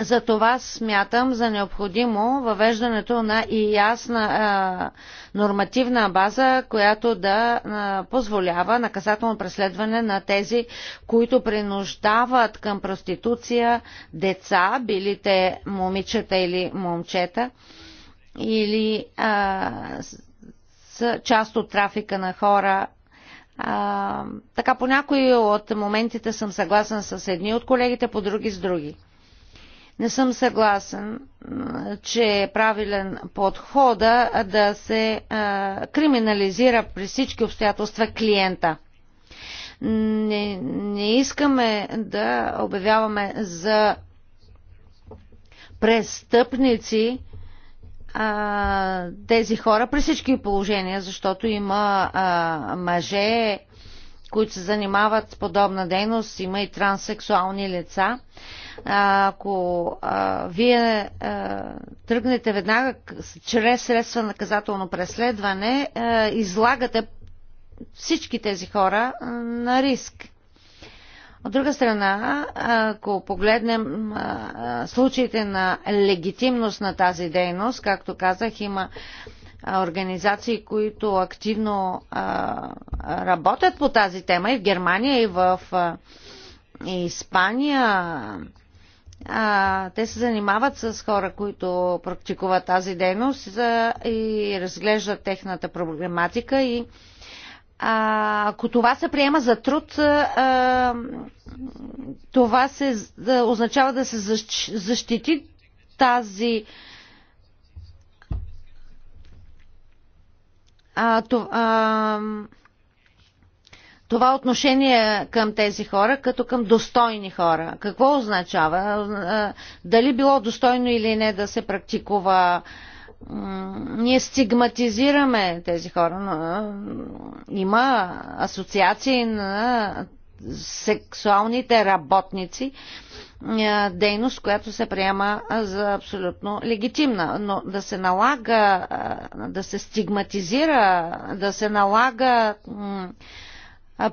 Затова смятам за необходимо въвеждането на и ясна а, нормативна база, която да а, позволява наказателно преследване на тези, които принуждават към проституция деца, били те момичета или момчета, или а, с част от трафика на хора а, така по някои от моментите съм съгласен с едни от колегите, по други с други. Не съм съгласен, че е правилен подхода да се криминализира при всички обстоятелства клиента не, не искаме да обявяваме за престъпници а, тези хора при всички положения, защото има а, мъже, които се занимават с подобна дейност, има и транссексуални лица. Ако а, вие а, тръгнете веднага чрез средства наказателно преследване, а, излагате всички тези хора а, на риск. От друга страна, ако погледнем случаите на легитимност на тази дейност, както казах, има организации, които активно работят по тази тема и в Германия, и в Испания а, те се занимават с хора, които практикуват тази дейност а, и разглеждат техната проблематика и а, ако това се приема за труд, а, това се да, означава да се защити тази а, то, а, това отношение към тези хора като към достойни хора. Какво означава? Дали било достойно или не да се практикува? Ние стигматизираме тези хора. Има асоциации на сексуалните работници, дейност, която се приема за абсолютно легитимна. Но да се налага, да се стигматизира, да се налага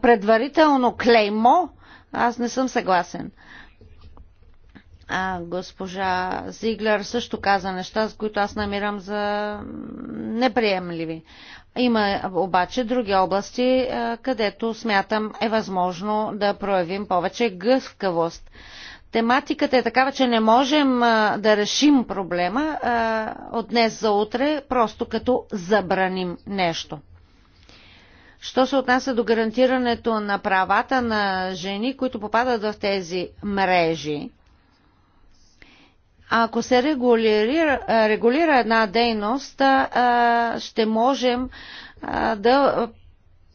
предварително клеймо, аз не съм съгласен. А, госпожа Зиглер също каза неща, с които аз намирам за неприемливи. Има обаче други области, където смятам е възможно да проявим повече гъвкавост. Тематиката е такава, че не можем да решим проблема от днес за утре, просто като забраним нещо. Що се отнася до гарантирането на правата на жени, които попадат в тези мрежи, ако се регулира, регулира една дейност, ще можем да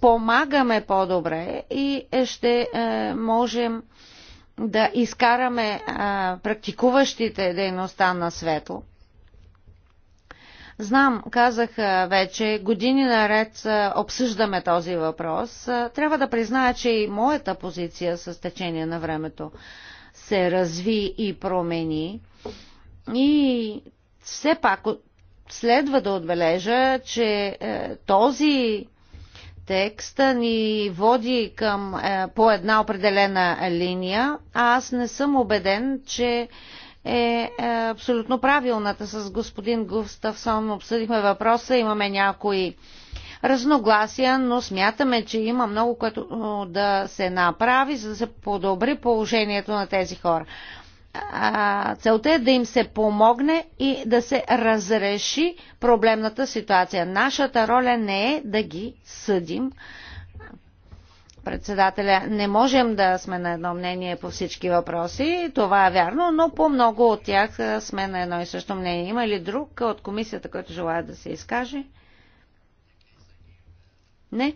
помагаме по-добре и е, ще е, можем да изкараме практикуващите дейността на светло. Знам, казах вече, години наред обсъждаме този въпрос. Трябва да призная, че и моята позиция с течение на времето се разви и промени. И все пак следва да отбележа, че е, този текст ни води към е, по една определена линия, а аз не съм убеден, че е, е, абсолютно правилната. С господин Густавсон обсъдихме въпроса, имаме някои разногласия, но смятаме, че има много което да се направи, за да се подобри положението на тези хора. А, целта е да им се помогне и да се разреши проблемната ситуация. Нашата роля не е да ги съдим, председателя. Не можем да сме на едно мнение по всички въпроси, това е вярно, но по много от тях сме на едно и също мнение. Има ли друг от комисията, който желая да се изкаже? Не?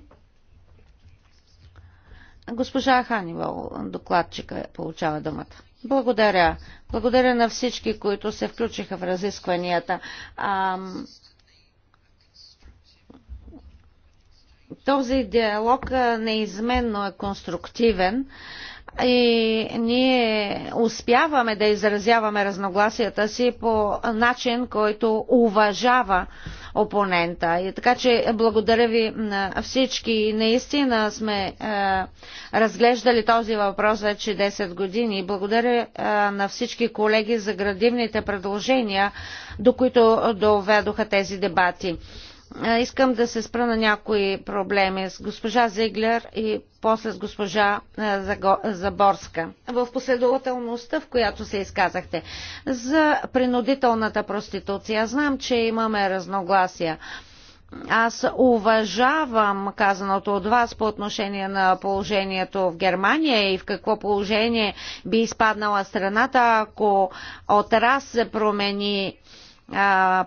Госпожа Ханивал, докладчика, получава думата. Благодаря. Благодаря на всички, които се включиха в разискванията. Ам, Този диалог неизменно е конструктивен и ние успяваме да изразяваме разногласията си по начин, който уважава опонента. И така че благодаря ви на всички. Наистина сме е, разглеждали този въпрос вече 10 години. Благодаря е, на всички колеги за градивните предложения, до които доведоха тези дебати. Искам да се спра на някои проблеми с госпожа Зиглер и после с госпожа Заборска. В последователността, в която се изказахте, за принудителната проституция, знам, че имаме разногласия. Аз уважавам казаното от вас по отношение на положението в Германия и в какво положение би изпаднала страната, ако отрас се промени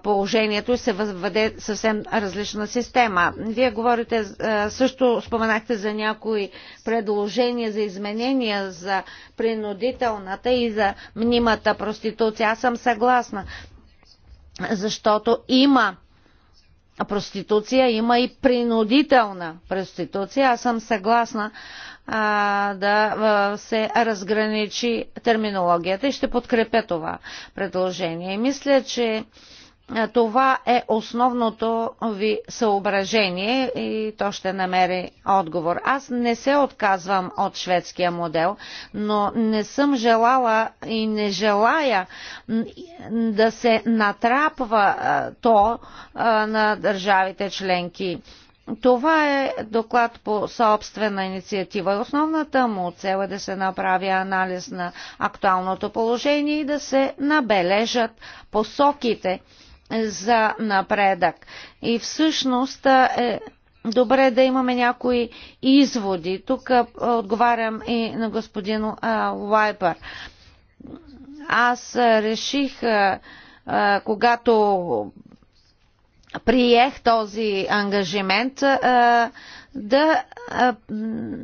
положението и се въведе съвсем различна система. Вие говорите, също споменахте за някои предложения за изменения за принудителната и за мнимата проституция. Аз съм съгласна, защото има проституция, има и принудителна проституция. Аз съм съгласна а, да а, се разграничи терминологията и ще подкрепя това предложение. мисля, че това е основното ви съображение и то ще намери отговор. Аз не се отказвам от шведския модел, но не съм желала и не желая да се натрапва то на държавите членки. Това е доклад по собствена инициатива. Основната му цел е да се направи анализ на актуалното положение и да се набележат посоките за напредък. И всъщност е добре да имаме някои изводи. Тук отговарям и на господин Лайпер. Аз реших когато приех този ангажимент да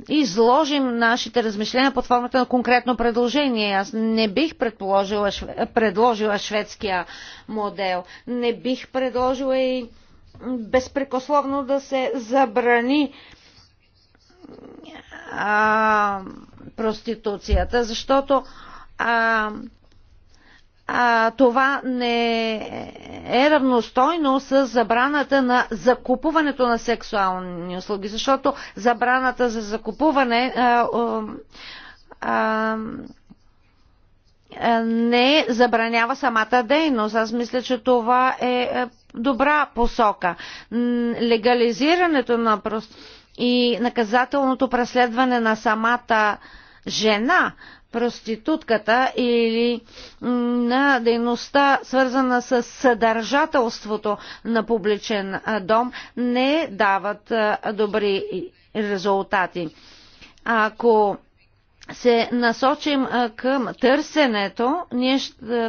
изложим нашите размишления под формата на конкретно предложение. Аз не бих предложила, предложила шведския модел. Не бих предложила и безпрекословно да се забрани а, проституцията, защото а, а, това не е равностойно с забраната на закупуването на сексуални услуги, защото забраната за закупуване а, а, не забранява самата дейност. Аз мисля, че това е, е добра посока. Легализирането на прост... и наказателното преследване на самата жена проститутката или на дейността, свързана с съдържателството на публичен дом, не дават добри резултати. Ако се насочим към търсенето, ние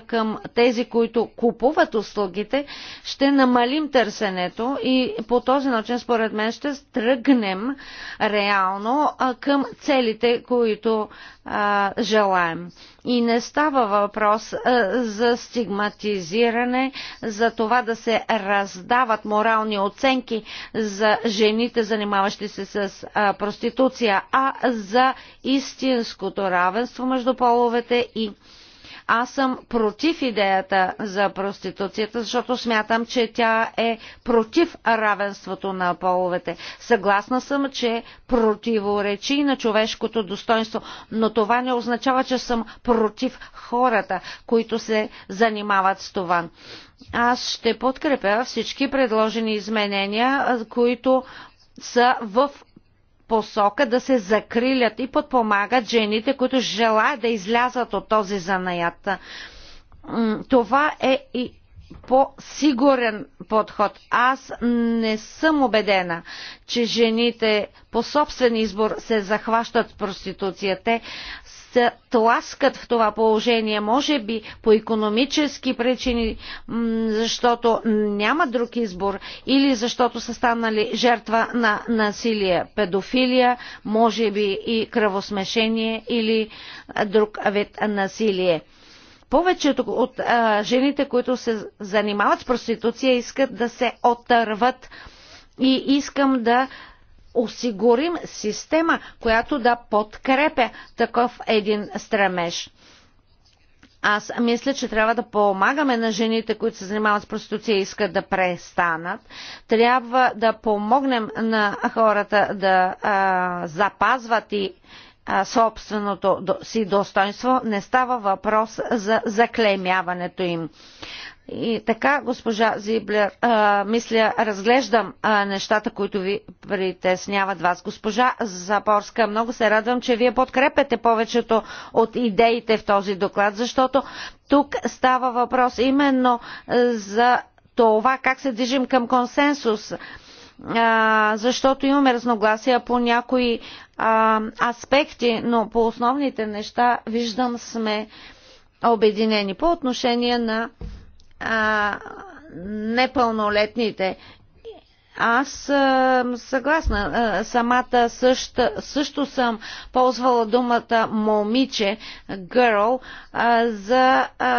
към тези, които купуват услугите, ще намалим търсенето и по този начин, според мен, ще тръгнем реално към целите, които а, желаем. И не става въпрос а, за стигматизиране, за това да се раздават морални оценки за жените, занимаващи се с а, проституция, а за истинското равенство между половете и а, аз съм против идеята за проституцията, защото смятам, че тя е против равенството на половете. Съгласна съм, че противоречи на човешкото достоинство, но това не означава, че съм против хората, които се занимават с това. Аз ще подкрепя всички предложени изменения, които са в посока да се закрилят и подпомагат жените, които желаят да излязат от този занаят. Това е и по-сигурен подход. Аз не съм убедена, че жените по собствен избор се захващат в проституция. Те се тласкат в това положение, може би по економически причини, защото няма друг избор или защото са станали жертва на насилие, педофилия, може би и кръвосмешение или друг вид насилие. Повечето от а, жените, които се занимават с проституция, искат да се отърват и искам да осигурим система, която да подкрепя такъв един стремеж. Аз мисля, че трябва да помагаме на жените, които се занимават с проституция и искат да престанат. Трябва да помогнем на хората да а, запазват и а, собственото си достоинство. Не става въпрос за заклемяването им. И така, госпожа Зиблер, а, мисля, разглеждам а, нещата, които ви притесняват вас. Госпожа Запорска, много се радвам, че вие подкрепяте повечето от идеите в този доклад, защото тук става въпрос именно за това как се движим към консенсус защото имаме разногласия по някои а, аспекти, но по основните неща виждам сме обединени. По отношение на а, непълнолетните. Аз съм съгласна. Самата също, също съм ползвала думата момиче, girl, за, а,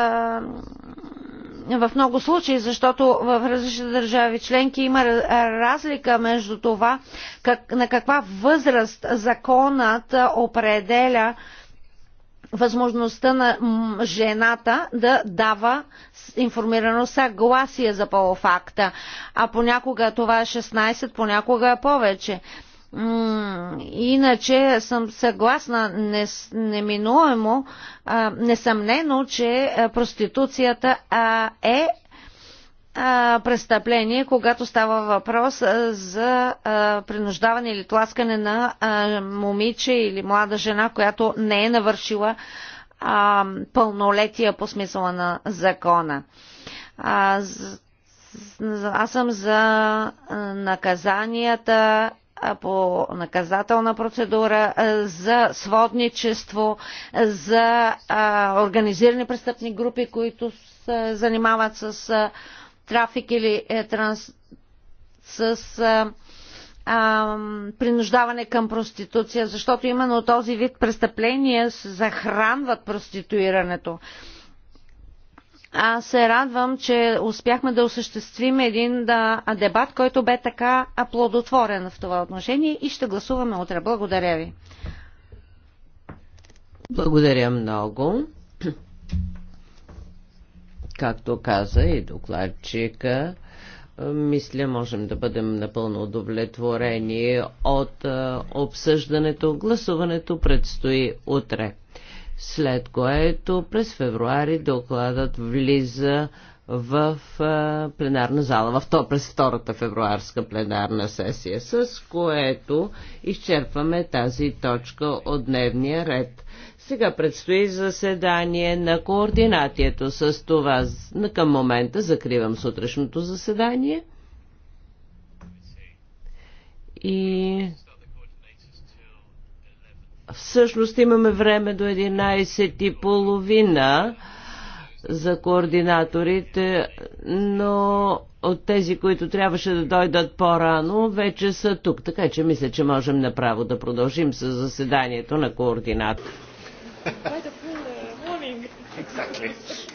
в много случаи, защото в различни държави членки има разлика между това как, на каква възраст законът определя а, възможността на жената да дава информирано съгласие за полуфакта. А понякога това е 16, понякога е повече. Иначе съм съгласна неминуемо, несъмнено, че проституцията е престъпление, когато става въпрос за принуждаване или тласкане на момиче или млада жена, която не е навършила пълнолетия по смисъла на закона. Аз съм за наказанията по наказателна процедура, за сводничество, за организирани престъпни групи, които се занимават с трафик или е, транс, с а, а, принуждаване към проституция, защото именно този вид престъпления захранват проституирането. Аз се радвам, че успяхме да осъществим един да, дебат, който бе така аплодотворен в това отношение и ще гласуваме утре. Благодаря ви. Благодаря много. Както каза и докладчика, е, мисля, можем да бъдем напълно удовлетворени от е, обсъждането. Гласуването предстои утре. След което през февруари докладът влиза в е, пленарна зала, в то, през втората февруарска пленарна сесия, с което изчерпваме тази точка от дневния ред. Сега предстои заседание на координатието с това. Към момента закривам сутрешното заседание. И всъщност имаме време до 11.30 за координаторите, но от тези, които трябваше да дойдат по-рано, вече са тук. Така че мисля, че можем направо да продължим с заседанието на координатор quite a full uh, morning. exactly.